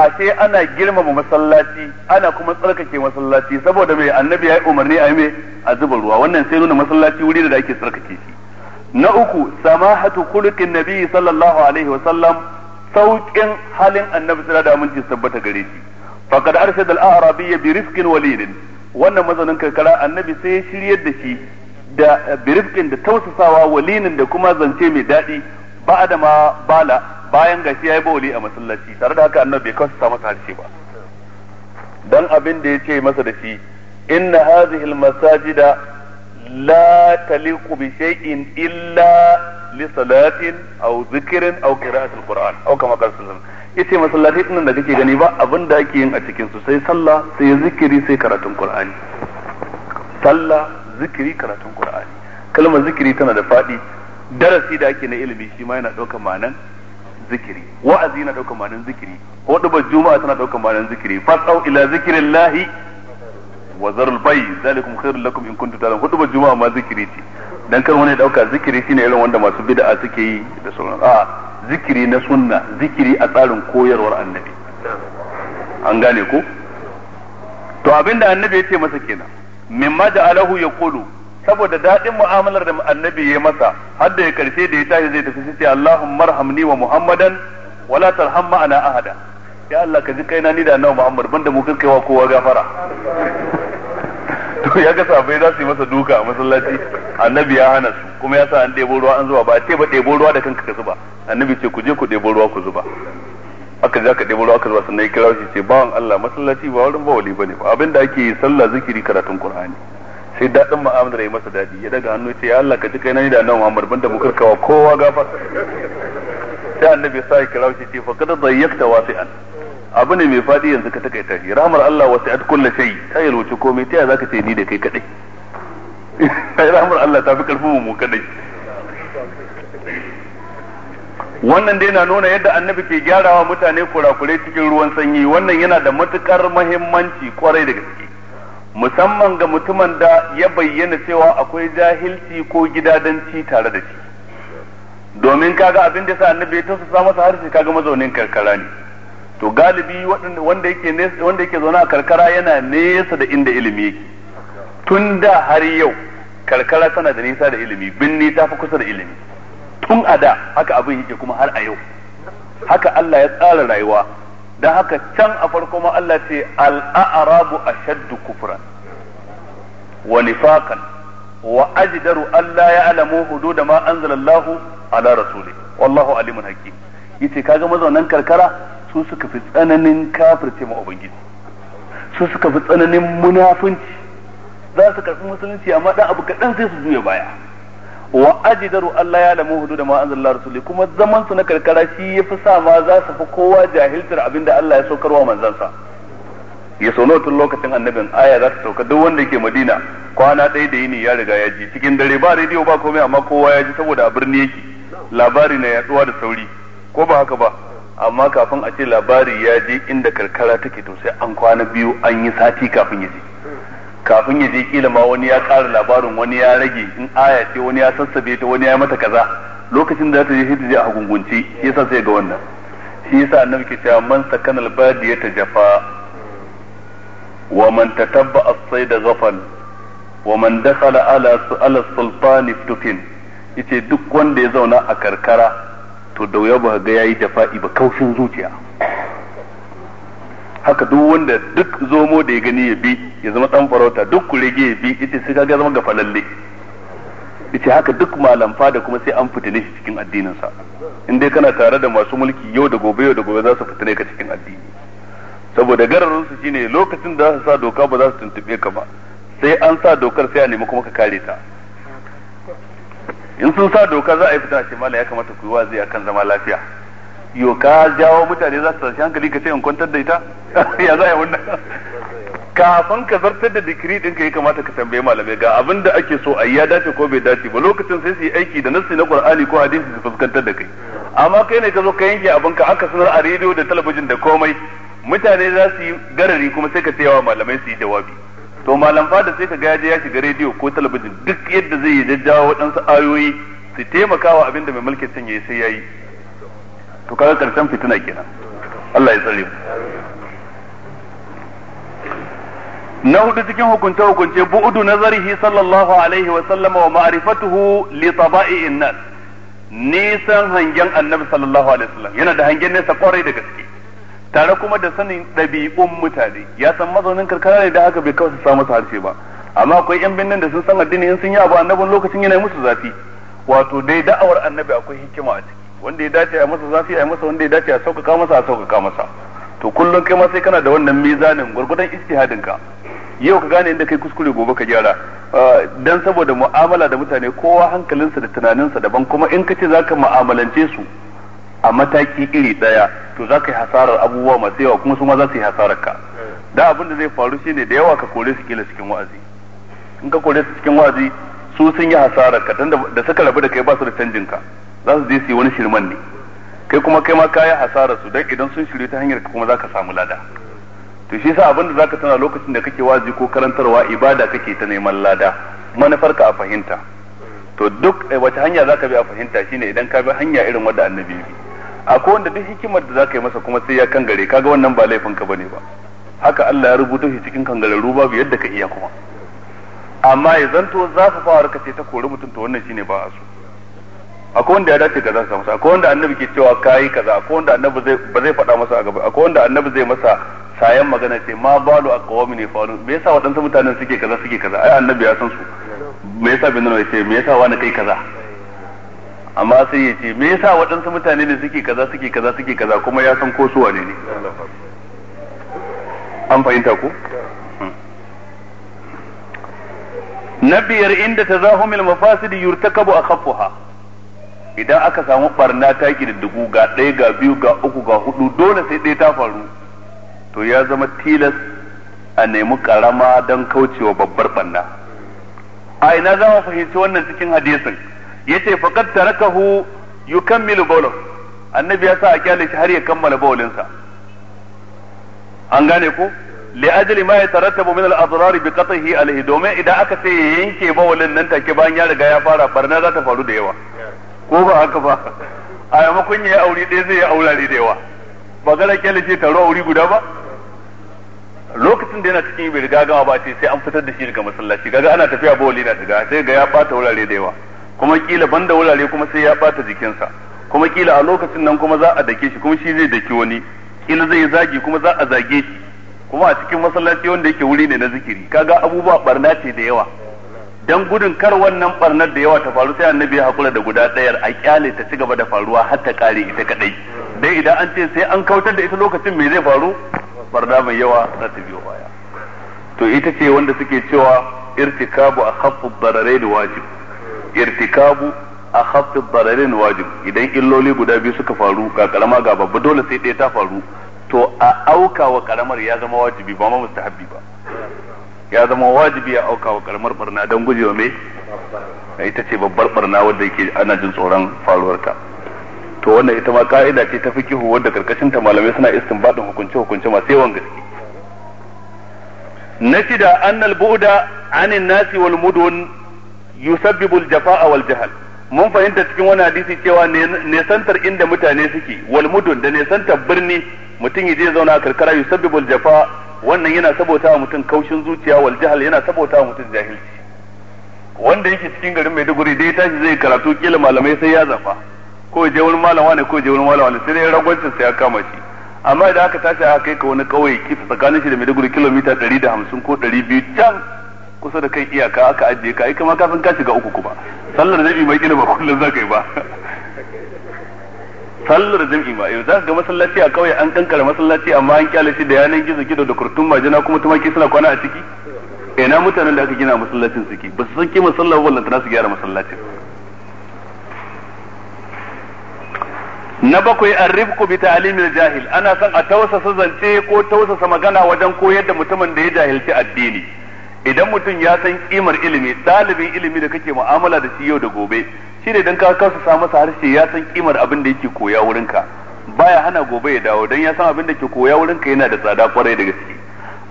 a ce ana girmama masallaci ana kuma tsarkake masallaci saboda mai annabi ya yi umarni a yi mai a zuba ruwa wannan sai nuna masallaci wuri da ake tsarkake shi na uku samahatu kulukin nabi sallallahu alaihi wa sallam saukin halin annabi sallallahu da aminci tabbata gare shi faqad arsad al-arabiy bi rizqin walidin wannan mazanin karkara annabi sai ya shiryar da shi da bi da tausasawa walinin da kuma zance mai daɗi ba da ma bala bayan gashi yi bauli a masallaci tare da haka annabi bai kawsa masa harshe ba dan abin da yace masa da shi inna hadhihi almasajida la taliqu bi shay'in illa li salatin aw dhikrin aw qira'ati alquran aw kama qala sallallahu yace masallaci din da kake gani ba abin da ake yin a cikin su sai sallah sai zikiri sai karatun qur'ani sallah zikiri karatun qur'ani kalmar zikiri tana da fadi darasi da ake na ilimi shi ma yana daukar ma'anan zikiri wa'azi na daukan ma'anar zikiri hudubar juma'a tana daukan ma'anar zikiri fasau ila zikrillahi wa zarul bay zalikum khairul lakum in kuntum ta'lamun hudubar juma'a ma zikiri ce dan kar wani dauka zikiri shine irin wanda masu bid'a suke yi da sauran a zikiri na sunna zikiri a tsarin koyarwar annabi an gane ko to abinda annabi ya ce masa kenan mimma ja'alahu yaqulu saboda daɗin mu'amalar da annabi ya masa har da ya karshe da ya tashi zai tafi sai Allahumma arhamni wa Muhammadan wala tarham ma'ana ahada ya Allah ka ji kaina ni da annabi Muhammad banda mu kai wa kowa gafara to ya ga sabai za su yi masa duka a masallaci annabi ya hana su kuma ya sa an ɗebo ruwa an zuba ba a ce ba ɗebo ruwa da kanka ka zuba annabi ce ku je ku ɗebo ruwa ku zuba aka je aka ɗebo ruwa aka zuba sannan ya kira shi ce bawan Allah masallaci ba wurin bawali bane ba abinda ake yi sallah zikiri karatun Qur'ani sai daɗin mu'amalar ya masa daɗi ya daga hannu ce ya Allah ka ji kai nani da nan Muhammad banda mu karkawa kowa gafar sai annabi sai kira shi ce fa kada dayyakta wasi'an abu ne mai fadi yanzu ka takaita shi rahmar Allah at kullu shay ta yalwace komai ta zaka ce ni da kai kadai sai rahmar Allah ta fi karfin mu kadai wannan dai na nuna yadda annabi ke gyarawa mutane kurakurai cikin ruwan sanyi wannan yana da matukar muhimmanci kwarai da gaske musamman ga mutumin da ya bayyana cewa akwai jahilci ko gidadanci tare da shi domin kaga abin da sa annabi ya sa masa harshe kaga mazaunin karkara ne to galibi wanda yake wanda yake zaune a karkara yana nesa da inda ilimi yake tun da har yau karkara tana da nisa da ilimi binni ta fi kusa da ilimi tun a da haka abin yake kuma har a yau haka Allah ya tsara rayuwa da haka can a farko ma Allah ce al'arabu ashaddu kufran wa nifaqan wa ya alamu hudu da ma anzalallahu ala rasuli wallahu alimun hakim yace kaga mazaunan karkara su suka fi tsananin kafirce ma ubangiji su suka fi tsananin munafunci za su karɓi musulunci amma ɗan abu kaɗan sai su juya baya wa ajidaru Allah ya lamu hudu da ma anzalla rasuli kuma zaman su na karkara shi yafi sa ma za su fi kowa jahiltar abinda Allah ya saukarwa manzansa ya sono tun lokacin annabin aya za ta sauka duk wanda ke Madina kwana ɗaya da yini ya riga ya ji cikin dare ba rediyo ba komai amma kowa ya ji saboda a birni yake labari na yaduwa da sauri ko ba haka ba amma kafin a ce labari ya je inda karkara take to sai an kwana biyu an yi sati kafin ya je kafin ya je kila ma wani ya ƙara labarin wani ya rage in aya ce wani ya sassabe ta wani ya mata kaza lokacin da ta je hidda je a gungunci yasa sai ga wannan shi yasa annabi ke cewa man sakana albadiya ta jafa wa man tatabba as-sayd ghafal wa man dakhala ala ala sultani tukin yace duk wanda ya zauna a karkara to da wuya ba ga yayi jafa'i ba kaushin zuciya haka duk wanda duk zomo da ya gani ya bi ya zama dan farauta duk kurege ya bi ita sai kaga zama gafalalle ita haka duk malamfa da kuma sai an fitine shi cikin addinin sa in dai kana tare da masu mulki yau da gobe yau da gobe za su fitine ka cikin addini saboda gararin su shine lokacin da za su sa doka ba za su tuntube ka ba sai an sa dokar sai a nemi kuma ka kare ta in sun sa doka za a yi fita shi mala ya kamata ku yi wazi akan zama lafiya yo ka jawo mutane za su tashi hankali ka ce kwantar da ita ya za a yi wannan kafin ka zartar da dikiri din ka ya kamata ka tambaye malamai ga abin da ake so a yi ya dace ko bai dace ba lokacin sai su yi aiki da nassi na qur'ani ko hadisi su fuskantar da kai amma kai ne ka zo ka yanke abin ka aka sanar a rediyo da talabijin da komai mutane za su yi garari kuma sai ka ce wa malamai su yi jawabi to malam fada sai ka ga ya shiga rediyo ko talabijin duk yadda zai yi jajjawa waɗansu ayoyi su taimakawa abin da mai mulkin ya sai ya yi to kaga karshen fitina kenan Allah ya tsare mu na hudu cikin hukunce hukunce bu'udu nazarihi sallallahu alaihi wa sallam wa ma'rifatuhu li taba'i'in nas nisan hangen annabi sallallahu alaihi wasallam yana da hangen nesa kwarai da gaske tare kuma da sanin ɗabi'un mutane ya san mazaunin karkara ne da haka bai kawai su samu su harshe ba amma akwai yan binnin da sun san addini in sun yi abu annabin lokacin yana musu zafi wato dai da'awar annabi akwai hikima a ciki wanda ya dace a masa zafi a masa wanda ya dace a sauƙaƙa masa a sauƙaƙa masa to kullum kai ma sai kana da wannan mizanin gwargwadon istihadin ka yau ka gane inda kai kuskure gobe ka gyara ah, dan saboda mu'amala da mutane kowa hankalinsa da tunaninsa daban kuma in ka ce za ka mu'amalance su a mataki iri ɗaya to za ka yi hasarar abubuwa masu yawa kuma su ma za su yi hasarar ka da abin da zai faru shine da yawa ka kore su kila cikin wa'azi in ka kore su cikin wa'azi su sun yi hasarar ka tunda da suka rabu da kai ba su da canjin ka za su je su yi wani shirman ne kai kuma kai ma ka yi hasarar su dan idan sun shirye ta hanyar ka kuma za ka samu lada to shi yasa abin da zaka tana lokacin da kake wazi ko karantarwa ibada kake ta neman lada manufar ka a fahimta to duk eh, wata hanya zaka bi a fahimta shine idan ka bi hanya irin wadda annabi bi akwai wanda duk hikimar da zaka yi masa kuma sai ya kangare kaga wannan ba laifin ka bane ba haka Allah ya rubuta shi cikin kangararru babu yadda ka iya kuma amma ya zanto su ka ce ta kori mutum to wannan shine ba a so akwai wanda ya dace kaza sa masa akwai wanda annabi ke cewa kai kaza akwai wanda annabi zai ba zai faɗa masa a gaba akwai wanda annabi zai masa sayan magana ce ma balu a aqwami ne faru me yasa waɗansu mutanen suke kaza suke kaza ai annabi ya san su me yasa bin nan ce me yasa wani kai kaza amma sai ya ce me yasa waɗansu mutane ne suke kaza suke kaza suke kaza kuma ya san ko su wane ne an fahimta ko na biyar inda ta tazahumil mafasid yurtakabu ha. idan aka samu barna ta kididdigu ga ɗaya ga biyu ga uku ga hudu dole sai ɗaya ta faru to ya zama tilas a nemi karama don kaucewa babbar barna a ina za mu fahimci wannan cikin hadisin yace faqad tarakahu yukammilu bawlan annabi ya sa a kyale shi har ya kammala bawlinsa an gane ko li ajli ma yatarattabu min al-adrar bi qat'ihi alayhi domin idan aka ce ya yanke bawalin nan take bayan ya riga ya fara barna za ta faru da yawa ko ba haka ba a yamma yamakon ya aure ɗaya zai yi aurare da yawa ba gara kyale ce taro aure guda ba lokacin da yana cikin bai riga gama ba ce sai an fitar da shi daga masallaci gaga ana tafiya bawali na shiga sai ga ya bata wurare da yawa kuma kila banda wurare kuma sai ya bata jikinsa kuma kila a lokacin nan kuma za a dake shi kuma shi zai daki wani kila zai zagi kuma za a zage shi kuma a cikin masallaci wanda yake wuri ne na zikiri kaga abubuwa barna ce da yawa dan gudun kar wannan barnar da yawa ta faru sai annabi ya hakura da guda ɗayar a kyale ta ci gaba da faruwa har ta kare ita kadai dai idan an ce sai an kautar da ita lokacin me zai faru barna mai yawa za ta biyo baya to ita ce wanda suke cewa irtikabu akhaffu dararain wajib irtikabu akhaffu dararain wajib idan illoli guda biyu suka faru ga karama ga babba dole sai ɗaya ta faru to a auka wa karamar ya zama wajibi ba ma mustahabbi ba ya zama wajibi a auka wa karamar barna don gujewa me ita ce babbar barna wadda yake ana jin tsoron faruwarta to wannan ita ma ka'ida ce ta fikihu wadda karkashin ta malamai suna istinbadin hukunce hukunce masu yawan gaske na shida annal bu'da anin nasi wal mudun a al jafa'a wal jahal mun fahimta cikin wani hadisi cewa nesantar inda mutane suke wal mudun da nesantar birni mutum yaje zauna a karkara yusabbibul jafa wannan yana sabota wa mutum kaushin zuciya wal jahal yana sabota wa mutum jahilci wanda yake cikin garin Maiduguri dai tashi zai karatu kila malamai sai ya zafa ko je wani malama ne ko je wani malama ne sai dai ragwancin sai ya kama shi amma idan aka tashi aka kai ka wani kauye kifi tsakanin shi da Maiduguri kilomita 150 ko 200 can kusa da kai iyaka aka ajiye ka ai kuma ka san ka shiga uku kuma sallar zabi mai kila ba za zaka yi ba sallar jam'i ba yau za ka ga masallaci a kawai an kankara masallaci amma an kyale shi da yanan gizo gido da kurtun majina kuma tumaki suna kwana a ciki ina mutanen da aka gina masallacin suke ba su san kima sallar wallan ta su gyara masallacin na bakwai an rifku bi ta'limil jahil ana san a tausasa zance ko tausasa magana wajen koyar da mutumin da ya jahilci addini idan mutum ya san kimar ilimi ɗalibin ilimi da kake mu'amala da shi yau da gobe shi ne dan ka kasa sa masa harshe ya san kimar abin da yake koya wurinka baya hana gobe ya dawo dan ya san abin da ke koya ka yana da tsada kwarai da gaske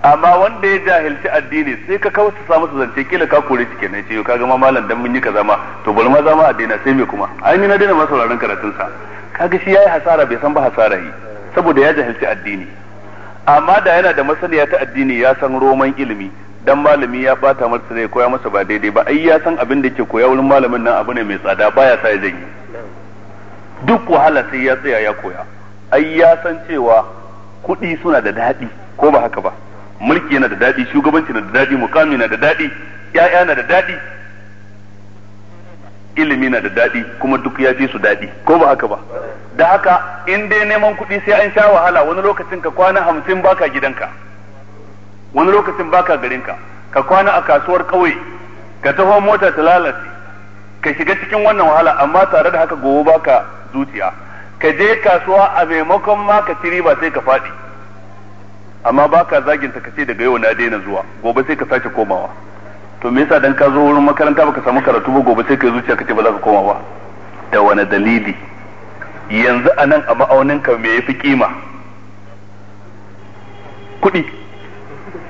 amma wanda ya jahilci addini sai ka kawai sa masa zance kila ka kore shi kenan ce ka gama malam dan mun yi kaza ma to bari ma zama addina sai me kuma ai na daina masa sauraron karatun sa kaga shi yayi hasara bai san ba hasara yi saboda ya jahilci addini amma da yana da masaniya ta addini ya san roman ilimi dan malami ya bata masa ne koya masa ba daidai ba ai ya san abin da ke koya wurin malamin nan abu ne mai tsada baya sa ya yi. duk wahala sai ya tsaya ya koya ai ya san cewa kuɗi suna da daɗi ko ba haka ba mulki yana da daɗi shugabanci na da daɗi mukami na da daɗi ƴaƴa na da daɗi ilimi na da daɗi kuma duk ya fi su daɗi ko ba haka ba da haka in dai neman kuɗi sai an sha wahala wani lokacin ka kwana hamsin baka gidanka wani lokacin baka garinka ka kwana a kasuwar kauye ka taho mota ta lalace ka shiga cikin wannan wahala amma tare da haka gobe baka zuciya ka je kasuwa a maimakon ma ka ci riba sai ka faɗi amma baka zagin ka ce daga yau na daina zuwa gobe sai ka sake komawa to me yasa dan ka zo wurin makaranta baka samu karatu ba gobe sai ka zuciya kace ba za ka koma ba da wani dalili yanzu anan a ma'auninka me yafi kima kuɗi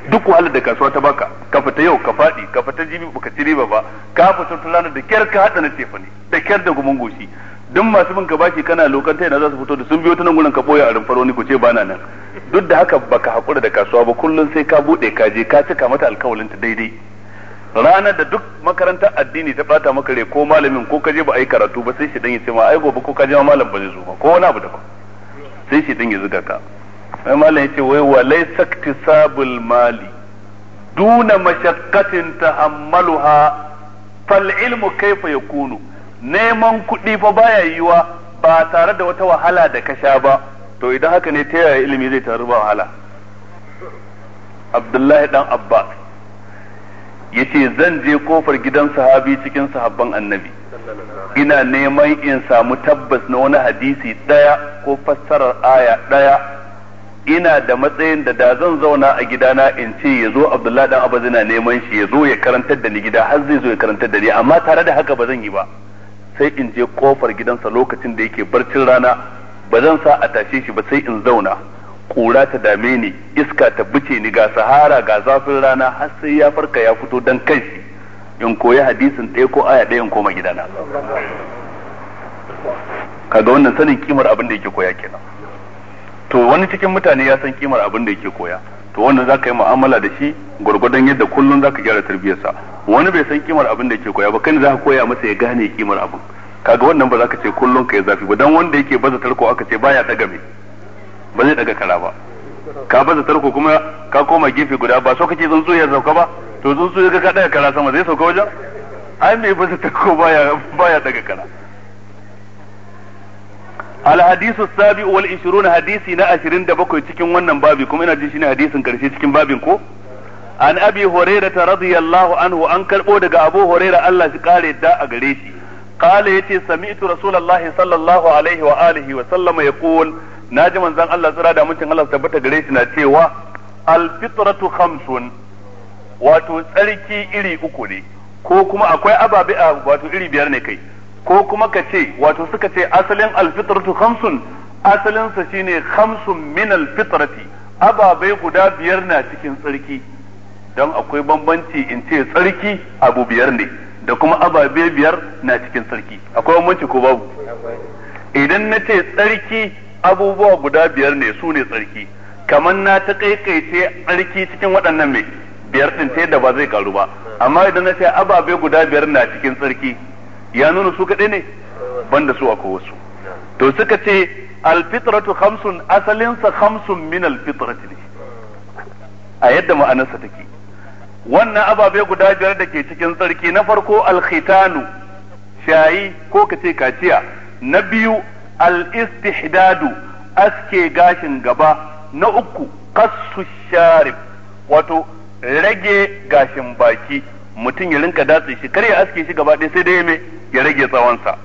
duk wahalar da kasuwa ta baka ka fita yau ka fadi ka fita jibi baka ci riba ba ka fita ranar da kyar ka hada na tefani da kyar da gumin goshi duk masu bin ka baki kana lokanta yana za su fito da sun biyo ta nan gurin ka boye a rumfar wani ku ce bana nan duk da haka baka hakura da kasuwa ba kullum sai ka bude ka je ka cika mata alkawalin ta daidai ranar da duk makarantar addini ta bata maka rai ko malamin ko ka je ba a yi karatu ba sai shi dan ya ce ma ai gobe ko ka je ma malam ba zai zo ba ko wani abu daban sai shi dan ya zuga ka wai malam yace wai walai saktisabul mali duna mashaqqatin tahammaluha fal ilmu kaifa kunu neman kuɗi fa baya yiwa ba tare da wata wahala da ka sha ba to idan haka ne ta yaya ilimi zai taru ba wahala Abdullahi dan Abbas yace zan je kofar gidan sahabi cikin sahabban annabi ina neman in samu tabbas na wani hadisi ɗaya ko fassarar aya ɗaya. ina da matsayin da da zan zauna a gidana in ce ya zo abdullahi dan abu zina neman shi ya zo ya karantar da ni gida har zai zo ya karantar da ni amma tare da haka ba zan yi ba sai in je kofar gidansa lokacin da yake barcin rana ba zan sa a tashe shi ba sai in zauna kura ta dame ni iska ta bice ni ga sahara ga zafin rana har sai ya farka ya fito dan kanshi in koyi hadisin ɗaya ko aya ɗaya in koma gidana kaga wannan sanin kimar abin da yake koya kenan to wani cikin mutane ya san kimar abin da yake koya to wannan za ka yi mu'amala da shi gwargwadon yadda kullum za ka gyara tarbiyarsa wani bai san kimar abin da yake koya ba kai za ka koya masa ya gane kimar abin kaga wannan ba za ka ce kullum ka yi zafi ba dan wanda yake baza tarko aka ce baya daga me ba zai daga kara ba ka baza tarko kuma ka koma gefe guda ba so kake tsuntsu ya sauka ba to tsuntsu ya ga ka daga kara sama zai sauka wajen ai me baza tarko baya baya daga kara الحديث السابع والعشرون حديثي نا عشرين دا بكو cikin wannan babi kuma ina jin shine hadisin karshe cikin babin ko an abi hurairah radiyallahu anhu an karbo daga abu hurairah Allah shi kare da a gare shi قال يتي سمعت رسول الله صلى الله عليه وآله وسلم يقول ناجم زان الله ترى دا ممكن الله تبتا غريشنا تيوا الفطرة خمس wato tsarki iri uku ne ko kuma akwai ababe wato iri biyar ne kai ko kuma ka ce wato suka ce asalin alfitratu khamsun asalin sa shine khamsun min alfitrati ababai guda biyar na cikin tsarki don akwai bambanci in ce tsarki abu biyar ne da kuma ababe biyar na cikin tsarki akwai bambanci ko babu idan na ce tsarki abubuwa guda biyar ne su ne tsarki kamar na ta kaikaice tsarki cikin waɗannan mai biyar ɗin ta yadda ba zai karu ba amma idan na ce ababe guda biyar na cikin tsarki ya nuna su kaɗai ne banda su akwai wasu to suka ce alfitratu khamsun asalinsa khamsun min alfitrati ne a yadda ma'anarsa take wannan ababe guda biyar da ke cikin tsarki na farko alkhitanu shayi ko kace kaciya na biyu al-istihdadu aske gashin gaba na uku kassu sharif wato rage gashin baki mutum ya rinka datse shi kar ya aske shi gaba ɗaya sai dai me ya rage tsawonsa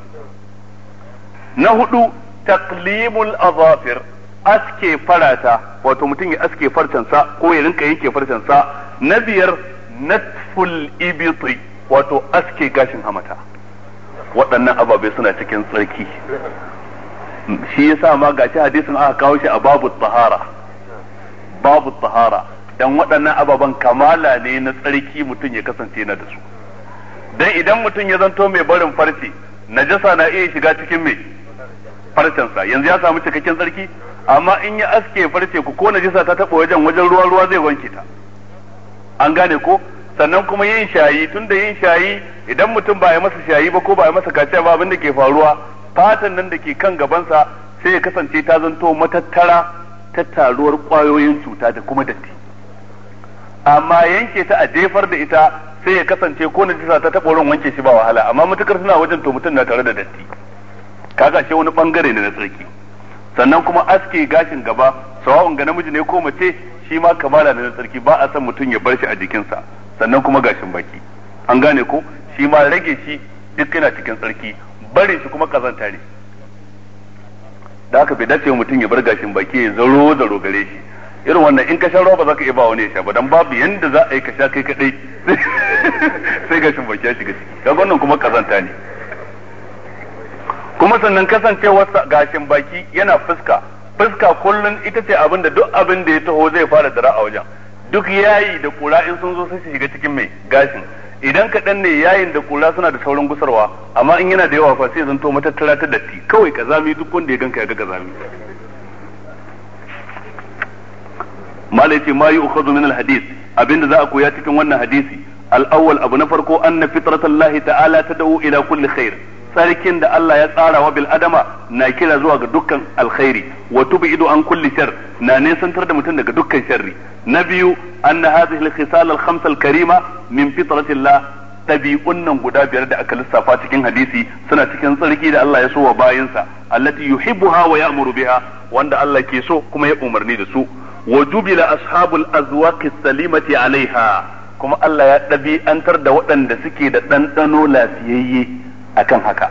na hudu taqlimul azafir aske farata wato mutum ya aske farcensa ko ya rinka yanke farcensa na biyar natful ibiti wato aske gashin hamata waɗannan ababe suna cikin tsarki shi yasa ma gashi hadisin aka kawo shi a babu tsahara babu tsahara dan waɗannan ababen kamala ne na tsarki mutum ya kasance na da su dan idan mutum ya zanto mai barin farce najasa na iya shiga cikin mai farcensa yanzu ya samu cikakken tsarki amma in ya aske farce ku ko najasa ta taɓa wajen wajen ruwa ruwa zai wanke ta an gane ko sannan kuma yin shayi tunda yin shayi idan mutum ba ya masa shayi ba ko ba ya masa kaciya ba abin da ke faruwa fatan nan da ke kan gabansa sai ya kasance ta zanto matattara ta taruwar kwayoyin cuta da kuma datti amma yanke ta a jefar da ita sai ya kasance ko na najasa ta taɓa wurin wanke shi ba wahala amma matukar suna wajen to mutum na tare da datti kaga shi wani bangare ne na tsarki sannan kuma aske gashin gaba sawa'un ga namiji ne ko mace shi ma kamala ne na tsarki ba a san mutum ya bar shi a jikinsa sannan kuma gashin baki an gane ko shi ma rage shi duk yana cikin tsarki barin shi kuma kazanta da aka bai dace mutum ya bar gashin baki ya zaro zaro gare shi irin wannan in ka sha ruwa za ka iya ba wani ya sha ba dan babu yanda za a yi ka sha kai kadai sai ga shi baki ya shiga ciki ga wannan kuma kazanta ne kuma sannan kasancewar gashin baki yana fuska fuska kullun ita ce abin da duk abin da ya taho zai fara dara a wajen duk yayi da kura in sun zo sai su shiga cikin mai gashin idan kaɗan ne yayin da kura suna da saurin gusarwa amma in yana da yawa fa sai zanto matattara ta datti kawai kazami duk wanda ya ganka ya ga kazami malai ce ma yu'khadhu min al-hadith abinda za a koya cikin wannan hadisi al-awwal abu na farko anna fitratallahi ta'ala tad'u ila kulli khair sarkin da Allah ya tsara wa bil adama na kira zuwa ga dukkan alkhairi wa tubidu an kulli shar na nesantar da mutum daga dukkan sharri na biyu anna hadhihi al-khisal al-khamsa al-karima min fitratillah ɗabi'un nan guda biyar da aka lissafa cikin hadisi suna cikin tsarki da Allah ya so wa bayinsa allati yuhibbuha wa ya'muru biha wanda Allah ke so kuma ya umarni da su wa jubila ashabul azwaqi salimati alaiha kuma Allah ya ɗabi'antar da waɗanda suke da ɗanɗano lafiyayye akan haka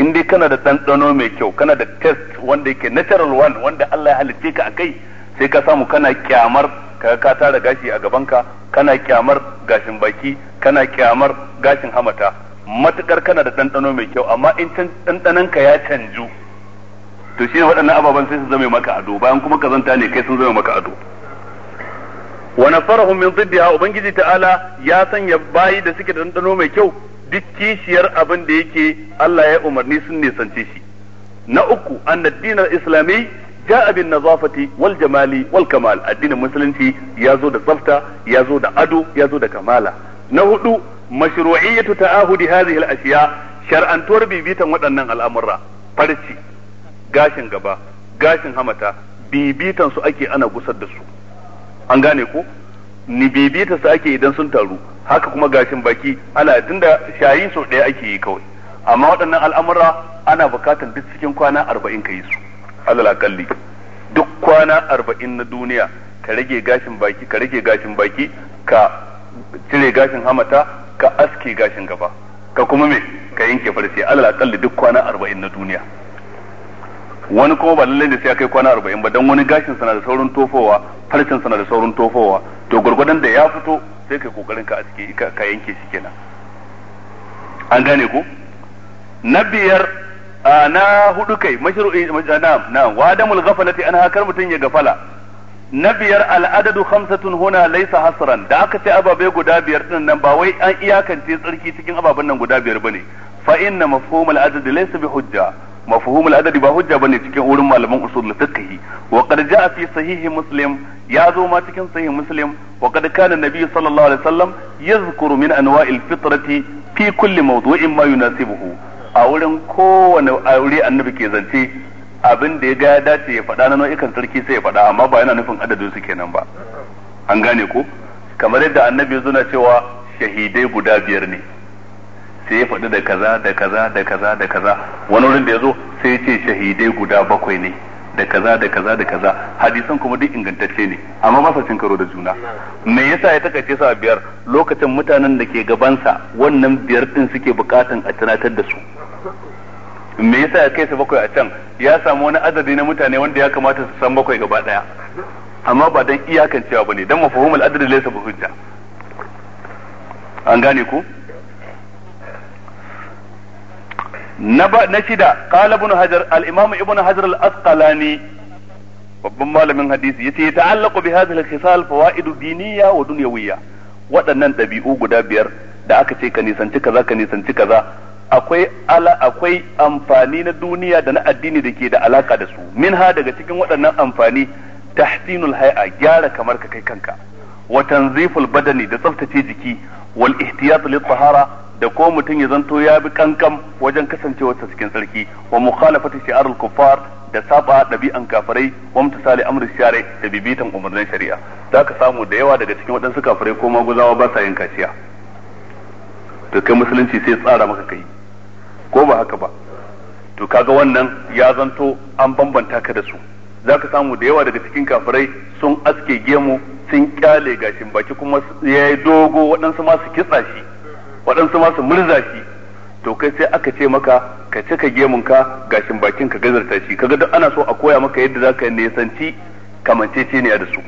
in dai kana da ɗanɗano mai kyau kana da test wanda yake natural one wanda Allah ya halitte ka akai sai ka samu kana kyamar kaga ka tara gashi a gabanka kana kyamar gashin baki kana kyamar gashin hamata matukar kana da ɗanɗano mai kyau amma in ɗanɗanonka ya canju to shi waɗannan ababen sai su zame maka ado bayan kuma kazanta ne kai sun zame maka ado wani nasarahum min ziddiha ubangiji ta'ala ya sanya bayi da suke da ɗanɗano mai kyau duk kishiyar abin da yake Allah ya umarni sun nisance shi na uku an dinar islami ja abin nazafati wal jamali wal kamal addinin musulunci ya zo da tsafta ya zo da ado ya zo da kamala na hudu mashru'iyyatu ta'ahudi hadhihi al ashiya shar'antuwar bibitan waɗannan al'amura farci gashin gaba gashin hamata bibitan su ake ana gusar da su an gane ko ni bibita su ake idan sun taru haka kuma gashin baki ana tunda shayi sau ɗaya ake yi kawai amma waɗannan al'amura ana bukatar duk cikin kwana arba'in ka yi su alal akalli duk kwana arba'in na duniya ka rage gashin baki ka rage gashin baki ka cire gashin hamata ka aske gashin gaba ka kuma me ka yanke farce alal akalli duk kwana arba'in na duniya wani kuma ba lallai da sai kai kwana arba'in ba don wani gashin sana da saurin tofowa farcin sana da saurin tofowa to gwargwadon da ya fito sai kai kokarin ka ciki ka yanke shi kenan an gane ko na biyar na hudu kai mashru'i na eh, na wa adamul ghaflati an hakar mutun ya gafala na biyar al'adadu khamsatun huna laisa hasran da aka ce ababe guda biyar din nan ba wai an iyakance tsarki cikin ababen nan guda biyar bane fa inna mafhumul adad laysa bi hujja mafhumul adadi ba hujja bane cikin wurin malaman usul fiqh wa qad jaa fi sahih muslim ya zo ma cikin sahih muslim wa qad kana nabiy sallallahu alaihi wasallam yazkuru min anwa'il fitrati fi kulli mawdu'in ma yunasibuhu a wurin kowane aure annabi ke zance abin da ya ga ya dace ya faɗa na nau'ikan sarki sai ya faɗa amma ba yana nufin adadin su kenan ba an gane ko kamar yadda annabi ya na cewa shahidai guda biyar ne sai ya faɗi da kaza da kaza da kaza da kaza wani wurin da ya zo sai ya ce shahidai guda bakwai ne da kaza da kaza da kaza hadisan kuma duk ingantacce ne amma ba sa cin karo da juna me yasa ya takaice sa biyar lokacin mutanen da ke gabansa wannan biyar din suke bukatan a tunatar da su me yasa ya kai su bakwai a can ya samu wani adadi na mutane wanda ya kamata su san bakwai gaba daya amma ba dan iyakan cewa bane dan mafhumul adadi laysa bi hujja an gane ku na shida qala ibn hajar al-imam ibn hajar al-asqalani babban malamin hadisi yace ya ta'allaqu bi hadhihi al-khisal fawaidu diniya wa dunyawiyya waɗannan ɗabi'u guda biyar da aka ce ka nisanci kaza ka nisanci kaza akwai ala akwai amfani na duniya da na addini da ke da alaka da su minha daga cikin waɗannan amfani tahsinul hay'a gyara kamar ka kai kanka wa tanziful badani da tsaftace jiki wal ihtiyat lit tahara da ko mutum ya zanto ya bi kankan wajen kasancewarsa cikin sarki wa mukhalafati al kuffar da saba dabi'an kafirai wa mutasali amri shari'a da bibitan umarnin shari'a ka samu da yawa daga cikin waɗansu kafirai ko maguzawa ba sa yin kaciya to kai musulunci sai tsara maka kai ko ba haka ba to kaga wannan ya zanto an bambanta ka da su zaka samu da yawa daga cikin kafirai sun aske gemu sun kyale gashin baki kuma ya yi dogo waɗansu ma su kitsa shi waɗansu ma su murza shi to kai sai aka ce maka ka ka gemun ka gashin bakin ka gazarta shi kaga duk ana so a koya maka yadda zaka nisanci kamanceceniya da su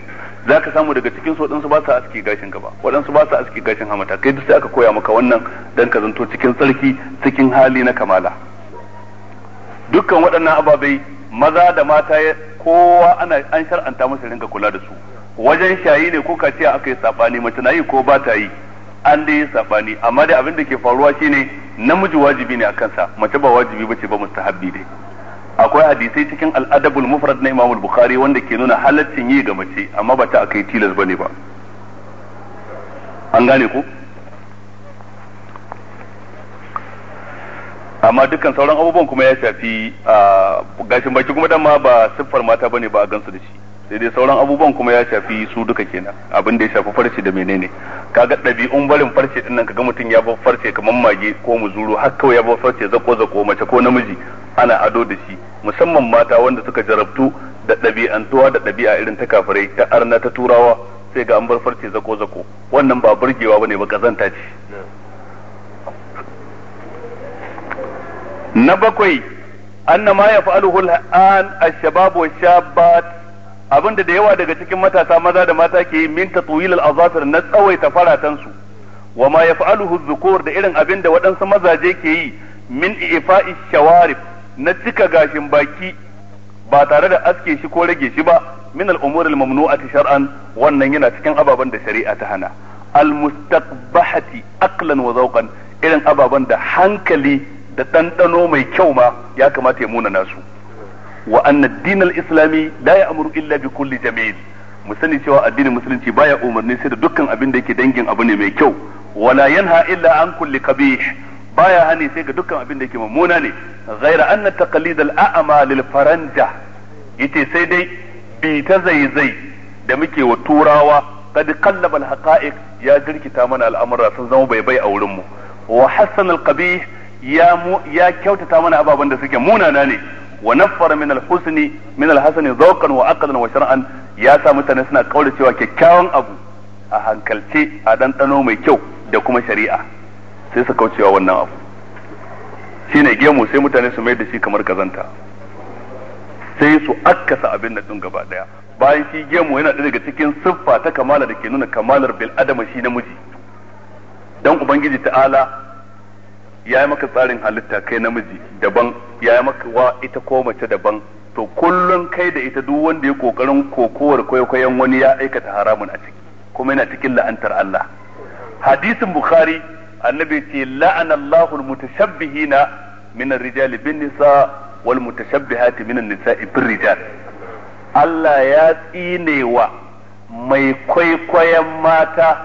za ka samu daga cikin su waɗansu ba sa aski gashin gaba waɗansu ba sa aski gashin hamata kai duk sai aka koya maka wannan dan ka zanto cikin tsarki cikin hali na kamala dukkan waɗannan ababai maza da mata kowa ana an shar'anta masa rinka kula da su wajen shayi ne ko kaciya aka yi sabani mace na yi ko ba ta yi an dai yi sabani amma dai abin da ke faruwa shine namiji wajibi ne a kansa mace ba wajibi bace ba mustahabbi ne akwai hadisai cikin al'adabul mufrad na Imam Bukhari wanda ke nuna halaccin yi ga mace amma ba ta akai tilas bane ba an gane ko. amma dukkan sauran abubuwan kuma ya shafi ah, gashin baki kuma dan ma ba siffar mata bane ba a gansu da shi sai dai sauran abubuwan kuma ya shafi su duka kenan abin da ya shafi farce da menene kaga ɗabi'un barin farce din nan kaga mutum ya bar farce kamar mage ko muzuru har kawai ya bar farce zako zako mace ko namiji ana ado da shi musamman mata wanda suka jarabtu da ɗabi'antuwa da ɗabi'a irin ta kafirai ta arna ta turawa sai ga an bar farce zako zako wannan ba burgewa bane ba kazanta ce na bakwai أن ما يفعله الآن الشباب Shabat. abinda da yawa daga cikin matasa maza da mata ke min tatwil al-azafir na tsawaita faratansu wa ma yaf'aluhu dhukur da irin abin da waɗansu mazaje ke yi min ifa'i shawarif na cika gashin baki ba tare da aske shi ko rage shi ba min al-umur al-mamnu'ati shar'an wannan yana cikin ababen da shari'a ta hana al-mustaqbahati aqlan wa zawqan irin ababen da hankali da ɗanɗano mai kyau ma ya kamata ya muna nasu wa anna din al-islami la ya'muru illa bi kulli jamil mu sani cewa addinin musulunci baya umarni sai da dukkan abin da yake dangin abu ne mai kyau wala yanha illa an kulli qabih baya hani sai ga dukkan abin da yake mummuna ne ghaira anna taqlid al-a'ma lil faranja yace sai dai bi ta zaizai da muke wa turawa kad qallaba al-haqa'iq ya jirkita mana al'amura sun zama bai bai a wurin mu wa hassan al-qabih ya ya kyautata mana ababen da suke munana ne wa naffara min al-husni min al-hasani zawqan wa aqlan wa shar'an ya sa mutane suna kaura cewa kyakkyawan abu a hankalce a ɗanɗano mai kyau da kuma shari'a sai su kaucewa wannan abu shine gemu sai mutane su mai da shi kamar kazanta sai su akkasa abin da ɗin gaba bayan shi gemu yana ɗaya daga cikin siffa ta kamala da ke nuna kamalar bil adama shi namiji dan ubangiji ta'ala ya yi maka tsarin halitta kai namiji daban ya yi maka wa ita ko mace daban to kullum kai da ita duk wanda ya kokarin kokowar kwaikwayon wani ya aikata haramun a ciki kuma yana cikin la'antar Allah hadisin bukhari annabi ce la'ana Allahu almutashabbihina min ar-rijali bin nisa wal mutashabbihati min an-nisa'i bir rijal Allah ya tsinewa mai kwaikwayon mata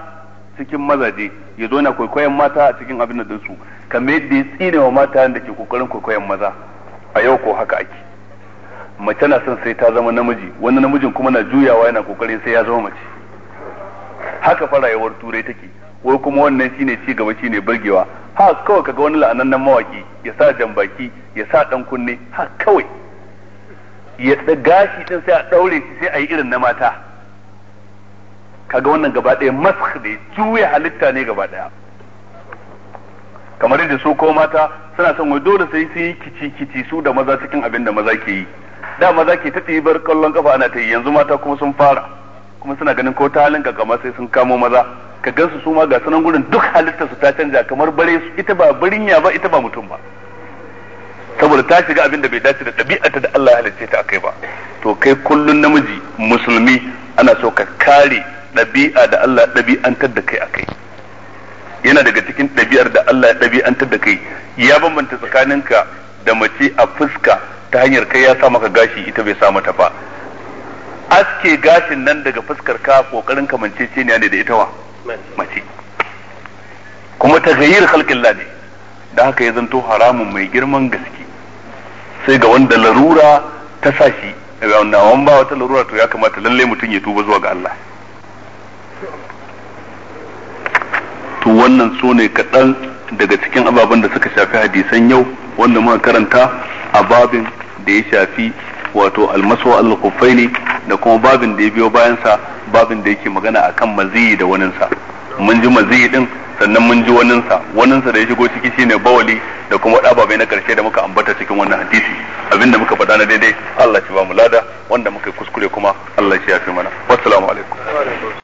cikin mazaje ya zo na kwaikwayon mata a cikin abin da su kamar yadda ya tsine wa mata da ke kokarin kwaikwayon maza a yau ko haka ake mace na son sai ta zama namiji wani namijin kuma na juyawa yana kokari sai ya zama mace haka fa rayuwar turai take wai kuma wannan shine ci gaba shine burgewa ha kawai kaga wani la'anannen mawaki ya sa baki ya sa dan kunne ha kawai ya gashi din sai a daure shi sai a yi irin na mata kaga wannan gaba ɗaya mask ne juya halitta ne gaba ɗaya kamar yadda su ko mata suna son wai dole sai su yi kici kici su da maza cikin abin da maza ke yi da maza ke ta bar kallon kafa ana ta yi yanzu mata kuma sun fara kuma suna ganin ko ta halin kama sai sun kamo maza ka gansu su ma ga sunan gurin duk halittar su ta canja kamar bare su ita ba birinya ba ita ba mutum ba saboda ta shiga abin da bai dace da ɗabi'arta da Allah ya halicce ta akai ba to kai kullun namiji musulmi ana so ka kare ɗabi'a da Allah ɗabi'antar da kai akai yana daga cikin ɗabi'ar da Allah ya ɗabi'antar da kai ya bambanta tsakaninka da mace a fuska ta hanyar kai ya sa maka gashi ita bai sa mata ba aske gashin nan daga fuskar ka kokarin kamanceceniya ne da ita wa mace kuma ta gayyar halkin ne da haka ya zanto haramun mai girman gaske sai ga wanda larura ta sa shi wanda ba wata larura to ya kamata lallai mutum ya tuba zuwa ga Allah to wannan so ne kaɗan daga cikin ababen da suka shafi hadisan yau wanda muka karanta a babin da ya shafi wato almasu al ne da kuma babin da ya biyo bayansa babin da yake magana akan maziyi da waninsa mun ji maziyi din sannan mun ji waninsa waninsa da ya shigo ciki ne bawali da kuma ababe na karshe da muka ambata cikin wannan hadisi abin da muka faɗa na daidai Allah shi ba mu lada wanda muka yi kuskure kuma Allah shi ya fi mana wassalamu alaikum